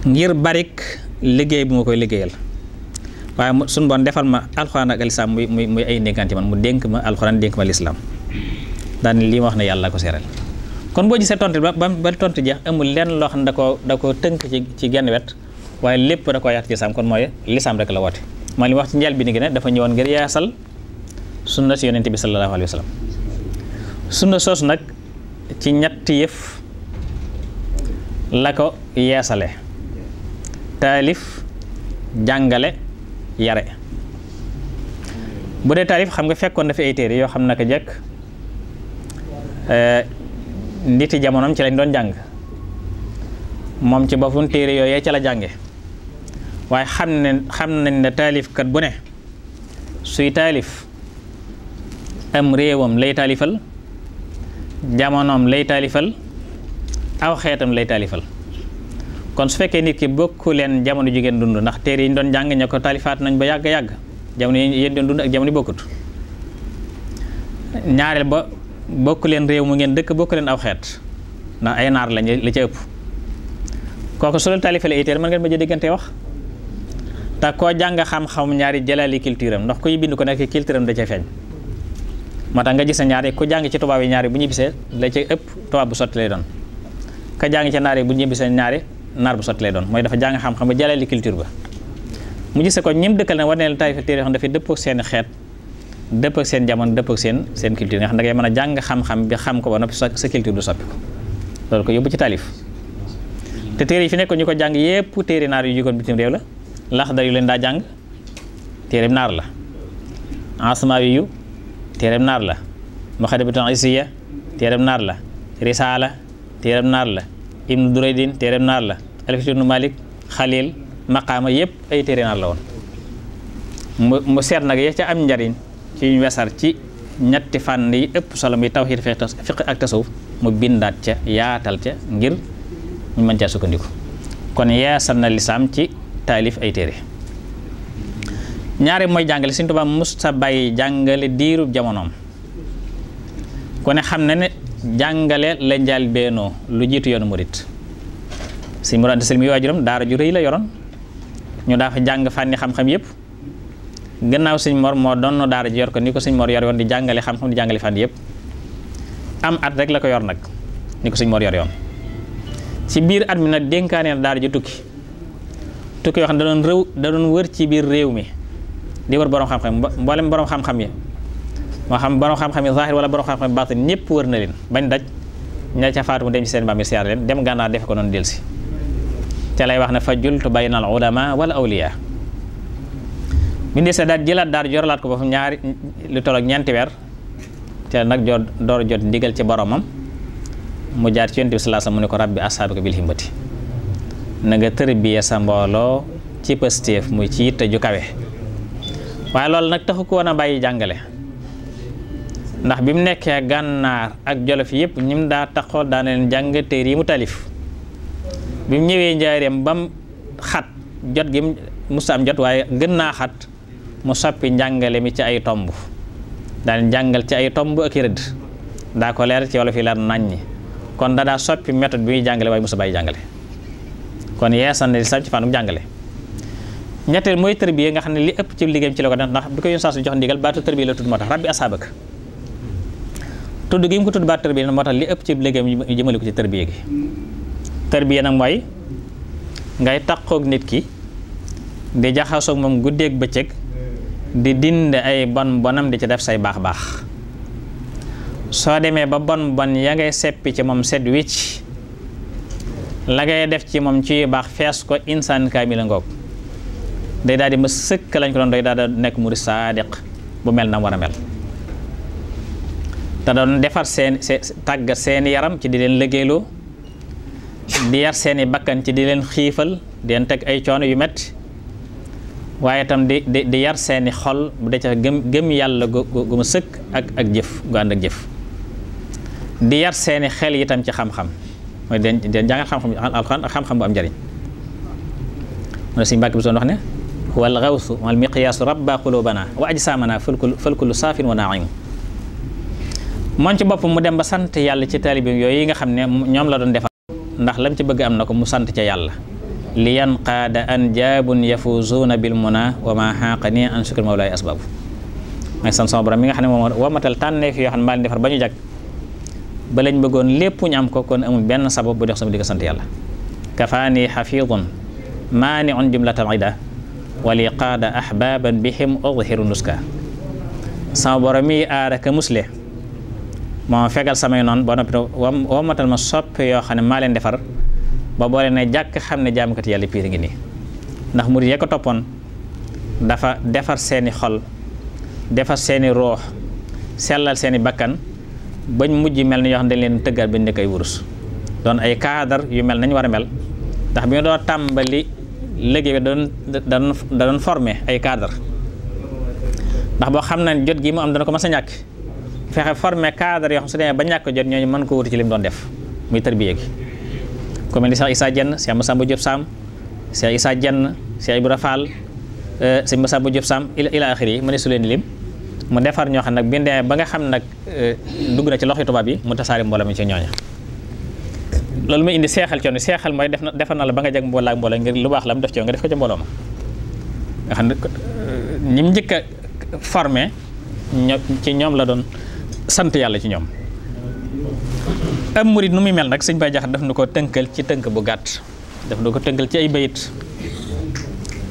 ngir barik liggéey bu ma koy liggéeyal waaye suñu bon defal ma alxuraan ak alislaam muy muy ay ndénkaante man mu dénk ma alxuraan dénk ma lislaam daan lii ma wax na yàlla ko seeral kon boo tont tontu ba ba tontu jeex amul lenn loo xam ne da koo koo tënk ci ci genn wet waaye lépp da ko yaat ci lislaam kon mooy lislaam rek la woote maa li wax ci njël bi ni gi ne dafa ñëwoon ngir yeesal sunna si yonente bi sallallahu alayhi wa sallam sunna soosu nag ci ñetti yëf la ko yeesale taalif jàngale yare bu dee taalif xam nga fekkoon na fi ay téere yoo xam naka jekk eh, nditi jamonoom ci lañ doon jàng moom ci boppam téere yooyee ca la jànge waaye xam ne xam nañ ne taalifkat bu ne suy taalif am réewam lay taalifal jamonoom lay taalifal aw xeetam lay taalifal kon su fekkee nit ki bokku leen jamono ju ngeen dund ndax téere yi ñu doon jàng ña ko taalifaat nañ ba yàgg yàgg jamono yi yéen doon dund ak jamono bokkut ba bokku leen réew mu ngeen dëkk bokku aw xeet ndax ay naar lañ la ca ëpp kooku su la taalifalee ay téere mën ngeen ma déggante wax te koo jàng xam-xam ñaari jëlaali culture am ndax kuy bind ko nekk culture am da cay feeñ moo tax nga ji na ñaari ku jàng ci tubaab yi ñaari bu ñibbisee la ca ëpp tubaab bu sotti lay doon ka jàng ci naar yi bu ñibbisee ñaari naar bu sotti lay doon mooy dafa jàng xam-xam ba jàllale culture ba mu gisee ko ñim dëkkal ne war nañ la taay fa téere xam dafay dëppoo ak xeet dëppoo seen jamono dëppoo seen seen culture nga xam mën a jàng xam bi xam ko ba noppi sa culture du soppi ko loolu ko yóbbu ci taalif te téere yi fi nekkoon ñu ko jàng yépp téere naar yu jógoon bitim réew la laxdar yu leen daa jàng téereem naar la asmaawi yu téereem naar la bi muxaddimatul isiya téereem naar la risaala téereem naar la ibnu duraydin téereem naar la alfitu ibnu malik xalil maqaama yëpp ay téere naar la woon mu seet nag ya ca am njariñ ci ñu wesar ci ñetti fànn yi ëpp solo muy tawxiid fiq ak tasawuf mu bindaat ca yaatal ca ngir ñu mën caa sukkandiku kon yeesal na lislaam ci taalif ay téere ñaari mooy jàngale Sëriñ Tuubaa musta bàyyi jàngale diiru jamonoom ku ne xam na ne jàngale la njaal lu jiitu yoonu murit si mu doon mi waajuram daara ju rëy la yoroon ñu daa fa jàng fànni xam-xam yëpp gannaaw sëñ Mor moo doon daara ji yor ko ni ko sëñ Mor yor yoon di jàngale xam-xam di jàngale fànn yëpp am at rek la ko yor nag ni ko sëñ Mor yor yoon ci biir at mi nag dénkaane na daara ji tukki tukki yoo xam ne da doon rëw da doon wër ci biir réew mi di wër borom xam-xam mboolem borom xam-xam yi moo xam borom xam-xam yi zahir wala borom xam-xam yi baatin ñëpp wër na leen bañ daj ña ca faatu mu dem ci seen bàmmeel siyaar leen dem gànnaar defe ko noonu delsi ca lay wax ne fa jultu bayna al ulama wala awliya bi ndee sa daal jëlaat daal jorlaat ko ba fu ñaari lu tollook ñeenti weer ca nag jor door jot ndigal ci boromam mu jaar ci yonent bi sallallahu alayhi wasallam mu ne ko rabbi ashaabaka bil himmati na nga tërbiya sa mbooloo ci pësteef muy ci yitte ju kawe waaye loolu nag taxu ko woon a bàyyi jàngale ndax bi mu nekkee gànnaar ak jolof yëpp ñim daa taxool daana leen yi mu talif bi mu ñëwee njaareem bam xat jot gi musta am jot waaye gën naa xat mu soppi njàngale mi ci ay tomb daan jàngal ci ay tomb ak i rëdd daa ko leer ci wolof yi leer nañ ñi kon da daa soppi méthode bi muy jàngale waaye musta bàyyi jàngale kon yeesal na lislaam ci fànn jàngale ñetteel mooy tërbiye nga xam ne li ëpp ci liggéeyam ci la ko def ndax bi ko yoon jox tudd gi mu ko tudd baat tarbiya nag ci liggéeyam ñu jëmale ko ci tarbiya nag mooy ngay takkook nit ki di jaxasoog moom guddeeg bëccëg di dind ay bon bonam di ca def say baax baax soo demee ba bon bon ya ngay seppi ci moom sedd wicc la ngay def ci moom ci baax fees ko insaan kaamil ngoog day daal di ma sëkk lañ ko doon day daal nekk mu murid saadiq bu mel na war a mel da doon defar seen se tàggat seen yaram ci di leen liggéeyloo di yar seeni bakkan ci di leen xiifal den teg ay coono yu metti waaye tam di yar seeni xol bu dee ca gëm yàlla gu gu mu sëkk ak ak jëf gu ànd ak di yar seeni xel yi tam ci xam-xam mooy den den jàngal xam-xam alxuraan ak xam-xam bu am njariñ mu ne suñu mbàkk bi soon wax ne wal xawsu wal miqyaasu rabba qulubana wa ajsamana fulkul fulkulu saafin wa naim moom ci boppam mu dem ba sant yàlla ci taalibe yooyu yi nga xam ne ñoom la doon defal ndax lam ci bëgg am na ko mu sant ca yàlla li yanqaada an jaabun bi bil muna wa ma xaqani an shukri mawlaay asbaabu may sant sama borom mi nga xam ne moom wamatal tànneef yoo xam maa leen ba ñu jag ba lañ bëggoon lépp ñu am ko kon benn sabab bu dox sama digg sant yàlla kafaani xafidun maaniun jumlatal ida wali qaada ahbaban bihim udhiru nuska sama borom mi aaraka musle moo fegal samay noon ba noppi wammatal ma soppe yoo xam ne maa leen defar ba boole ne jàkk xam ne jaamukati yàlla piir ngi nii ndax murid ya ko toppoon dafa defar seeni xol defar seeni roox sellal seeni bakkan bañ mujj mel ni yoo xam ne dañ leen tëggal bañ nekk ay wurus doon ay kaadar yu mel nañ war a mel ndax bi ñu doon tàmbali liggéey bi doon da doon formé ay kaadar ndax boo xam ne jot gi mu am dana ko ma a ñàkk fexe former cadre yoo xam su demee ba ñàkk jot ñooñu mën ko wuti ci li mu doon def muy tarbiya gi ku mel ni Cheikh Issa Dieng Cheikh Massamba Diop Sam Cheikh Issa Dieng Cheikh Ibra Fall euh, Cheikh Massamba Diop Sam ila axiri yi mu ne su leen lim mu defar ñoo xam nag bi ba nga xam nag euh, dugg na ci loxo tubaab yi mu tasaari mbooloo mi ci ñooña loolu muy indi seexal coono seexal mooy def na defar na la ba nga jeg mbooloo ak mbooloo ngir lu baax la mu def ci nga def ko ca mbooloo ma nga xam ne euh, ñi njëkk a formé ño ci ñoom la doon sant yàlla ci ñoom am murit nu muy mel nag sëñ Baye daf na ko tënkal ci tënk bu gàtt daf nu ko tënkal ci ay bayit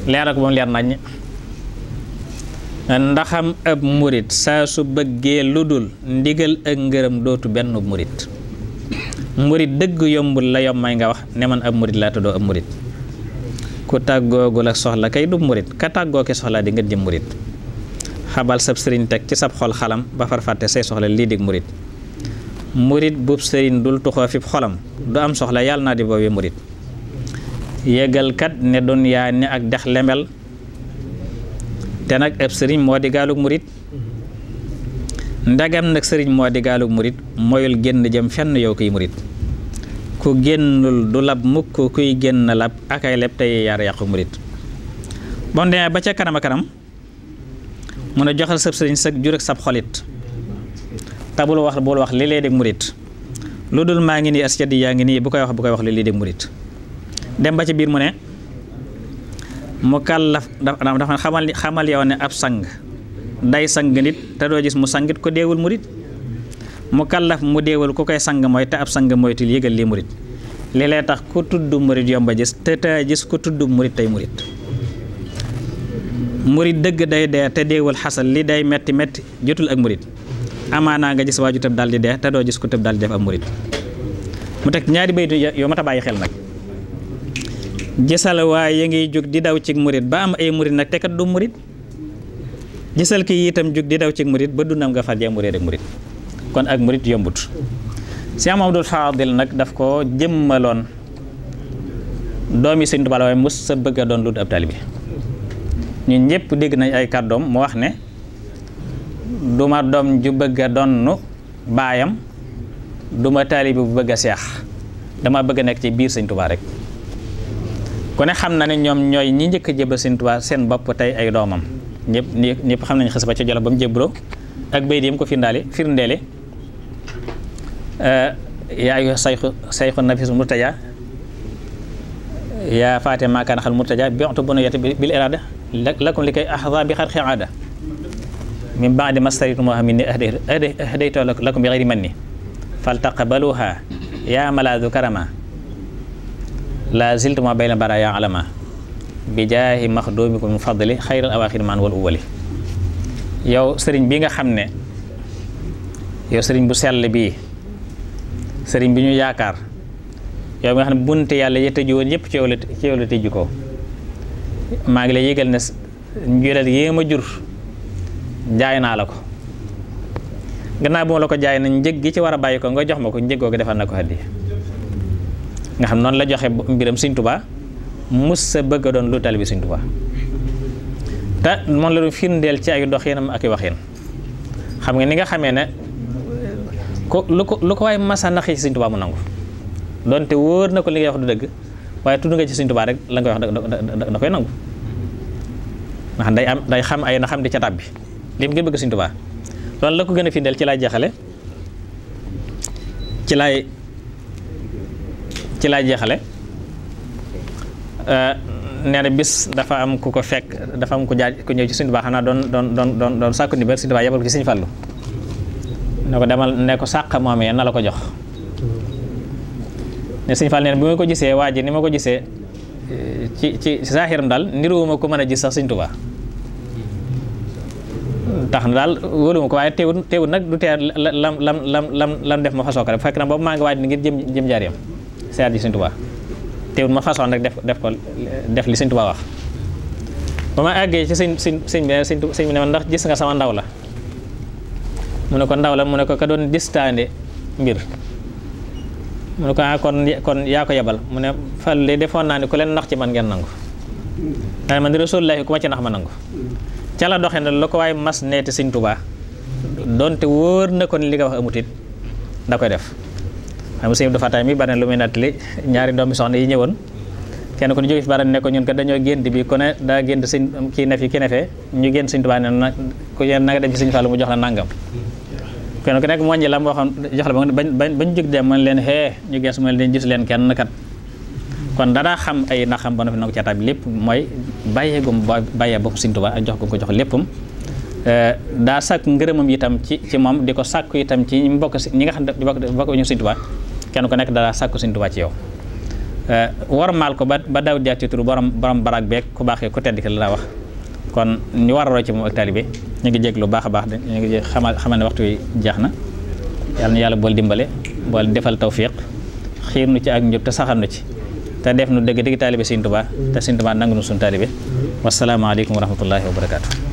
leer ak ba mu leer nañ ndaxam ab murit saa su bëggee lu dul ndigal ak ngërëm dootu benn murit murit dëgg yombul la yom may nga wax ne man ab murit laa tuddoo ab murit ku tàggoogul ak soxla kay du murit ka tàggoo ki soxlaa di nga jëm murit xabal sab sëriñ teg ci sab xol xalam ba far say soxla lii dig murit murit bub sëriñ dul tuxoo fi xolam du am soxla yàlla naa di boobee murit yëgalkat ne doon yaa ne ak dex lemel te nag ab sëriñ moo di gaalug murit ndagam nag sëriñ moo di gaalug murit moyul génn jëm fenn yow kuy murit ku génnul du lab mukk kuy génn lab akay leb tey yaar yàqu murit bon ba ca kanam a kanam mu ne joxal sab sëriñ sag jur ak sab xolit te bul wax bul wax li lay dégg murit lu dul maa ngi nii as ceddi yaa ngi nii bu koy wax bu koy wax li lay dégg murit dem ba ci biir mu ne mu kàllaf dafa xamal xamal yow ne ab sang day sang nit te doo gis mu sangit ko deewul murit mu kàllaf mu deewul ku koy sang mooy te ab sang mooy til yëgal lii murit li tax ku tudd murit yomba gis te te gis ku tudd murit tey murit murit dëgg day dee te deewul xasal li day metti metti jotul ak murit amaanaa nga gis waaju tëb daal di dee te doo gis ku tëb daal def ab murit mu teg ñaari baytu yoo mat a bàyyi xel nag gisal waaye ngiy jóg di daw ci murit ba ay murit nag te murit gisal kii jóg di daw ci murit ba dundam nga farjee murit ak murit kon ak murit yombut Cheikh Mamadou Fadil nag daf ko jëmmaloon doomi Sëñ Tuubaa waaye mos sa bëgg a doon lu ab taalibe ñu ñëpp dégg nañ ay kàddoom mu wax ne duma doom ju bëgg a donn baayam duma taalibi bu bëgg a seex dama bëgg nekk ci biir sëñ Tuubaa rek ku ne xam na ne ñoom ñooy ñi njëkk a jébal sëñ Tuubaa seen bopp tey ay doomam ñëpp ñëpp xam nañ xas ba ca jolof ba mu jébaloo ak bay di mu ko firndaale firndeele eh, yaayu sayxu sayxu nafisu murtaja yaa faate maakaan xal murtaja bi waxtu bu nu yati bil iraada lakum li kay ahda bi xarxi aada min baadi mastaritumooha min ni ahdayto lakum bi xayri man ni faltaqbaluha yaa malaadu karama la ziltuma bayna bara yaa alama bi jaahi maxdumikum fadli xayral awaaxir maan wal uwali yow sëriñ bi nga xam ne yow sëriñ bu sell bi sëriñ bi ñu yaakaar yow mi nga xam ne bunte yàlla ya tëju woon yëpp ci la tëju ko maa ngi lay yëgal ne njureel yéem a jur jaay naa la ko gannaaw bu ma la ko jaay na njëg gi ci war a bàyyi ko nga jox ma ko njëg googu defal na ko hadiya nga xam noonu la joxe mbiram Sëñ Tuubaa mus sa bëgg a doon lu tali bi Sëñ Tuubaa te moom la doon firndeel ci ay doxinam ak i waxin xam nga ni nga xamee ne ko lu ko lu ko waaye masa naxi Sëñ mu nangu donte wóor na ko li ngay wax du dëgg waaye tudd nga ci Sëriñ Tuubaa rek la koy wax da koy nangu ndax day am day xam ay na xam di ca tàbbi lim ngeen bëgg Sëriñ Tuubaa loolu la ko gën a findeel ci laay jeexale ci laay ci laay jeexale euh, nee na bis dafa am ku ko fekk dafa am ku jaaj ku ñëw ci Sëriñ Tuubaa xam naa doon doon doon doon doon ni ndimbal Sëriñ Tuubaa yebal ko ci Sëriñ Fallu ne ko demal ne ko sàq moomee na la ko jox ne sëñ Fall neen bi ma ko gisee waa ji ni ma ko gisee ci ci saaxiram daal niruwuma ko mën a gis sax sëñ Tuubaa tax daal wóoluma ko waaye teewut teewut nag du tee lam lam lam lam lam def ma fasoo ko rek fekk na boobu maa ngi waaj jëm jëm jaariyam seet ji sëñ def def ko def li sëñ Tuubaa wax ba ma àggee ci sëñ sëñ sëñ bi sëñ bi ne ma ndax gis nga sama ndaw la mu ne ko ndaw la mu ne ko ka doon distaande mbir mu ne ko ah kon yaa ko yebal mu ne fal li defoon naa ne ku leen nax ci man ngeen nangu daane man di rasulullahi ku ma ci nax ma nangu ca la doxe ne la ko waaye mas neeti sëñ Tuubaa donte wóor na ko ni li nga wax amut it da koy def xam sëñ Abdou Fatah mi bari na lu muy nattali ñaari doomi soxna yi ñëwoon kenn ku ñu jóge fi bari ne ko ñun kat dañoo génn bi ku ne daa gént sëñ kii ne fi kii ne ñu gént sëñ Tuubaa ne na ku yeen na nga ci sëñ Fallu mu jox la nàngam kenn ku nekk mu wàññi la boo xam jox la ba bañ jóg dem man leen xee ñu gees man leen gis leen kenn kat kon danaa xam ay na xam ba na fi nangu caataab lépp mooy bàyyee gum bàyyee bopp Sëriñ Tuubaa ak jox gum ko jox léppam euh, daa sàkk ngërëmam itam ci ci moom di ko sàkk itam ci ñi bokk ñi nga xam ne bokk ñu Sëriñ Tuubaa kenn ku nekk daa sàkku Sëriñ Tuubaa ci yow euh, war maal ko ba ba di ak ci turu borom borom baraag beeg ku baaxee ku tedd ki la wax kon ñu war a roy ci moom ak taalibe ñu ngi lu baax a baax de ñu ngi xamal xamal ne waxtu yi jeex na yàlla na yàlla bool dimbale bool defal tawfiq xiir nu ci ak njub te saxal nu ci te def nu dëgg dëgg taalibe Sëriñ Tuubaa te Sëriñ Tuubaa nangu nu suñu taalibe wasalaamaaleykum wa rahmatullahi wa barakaatu.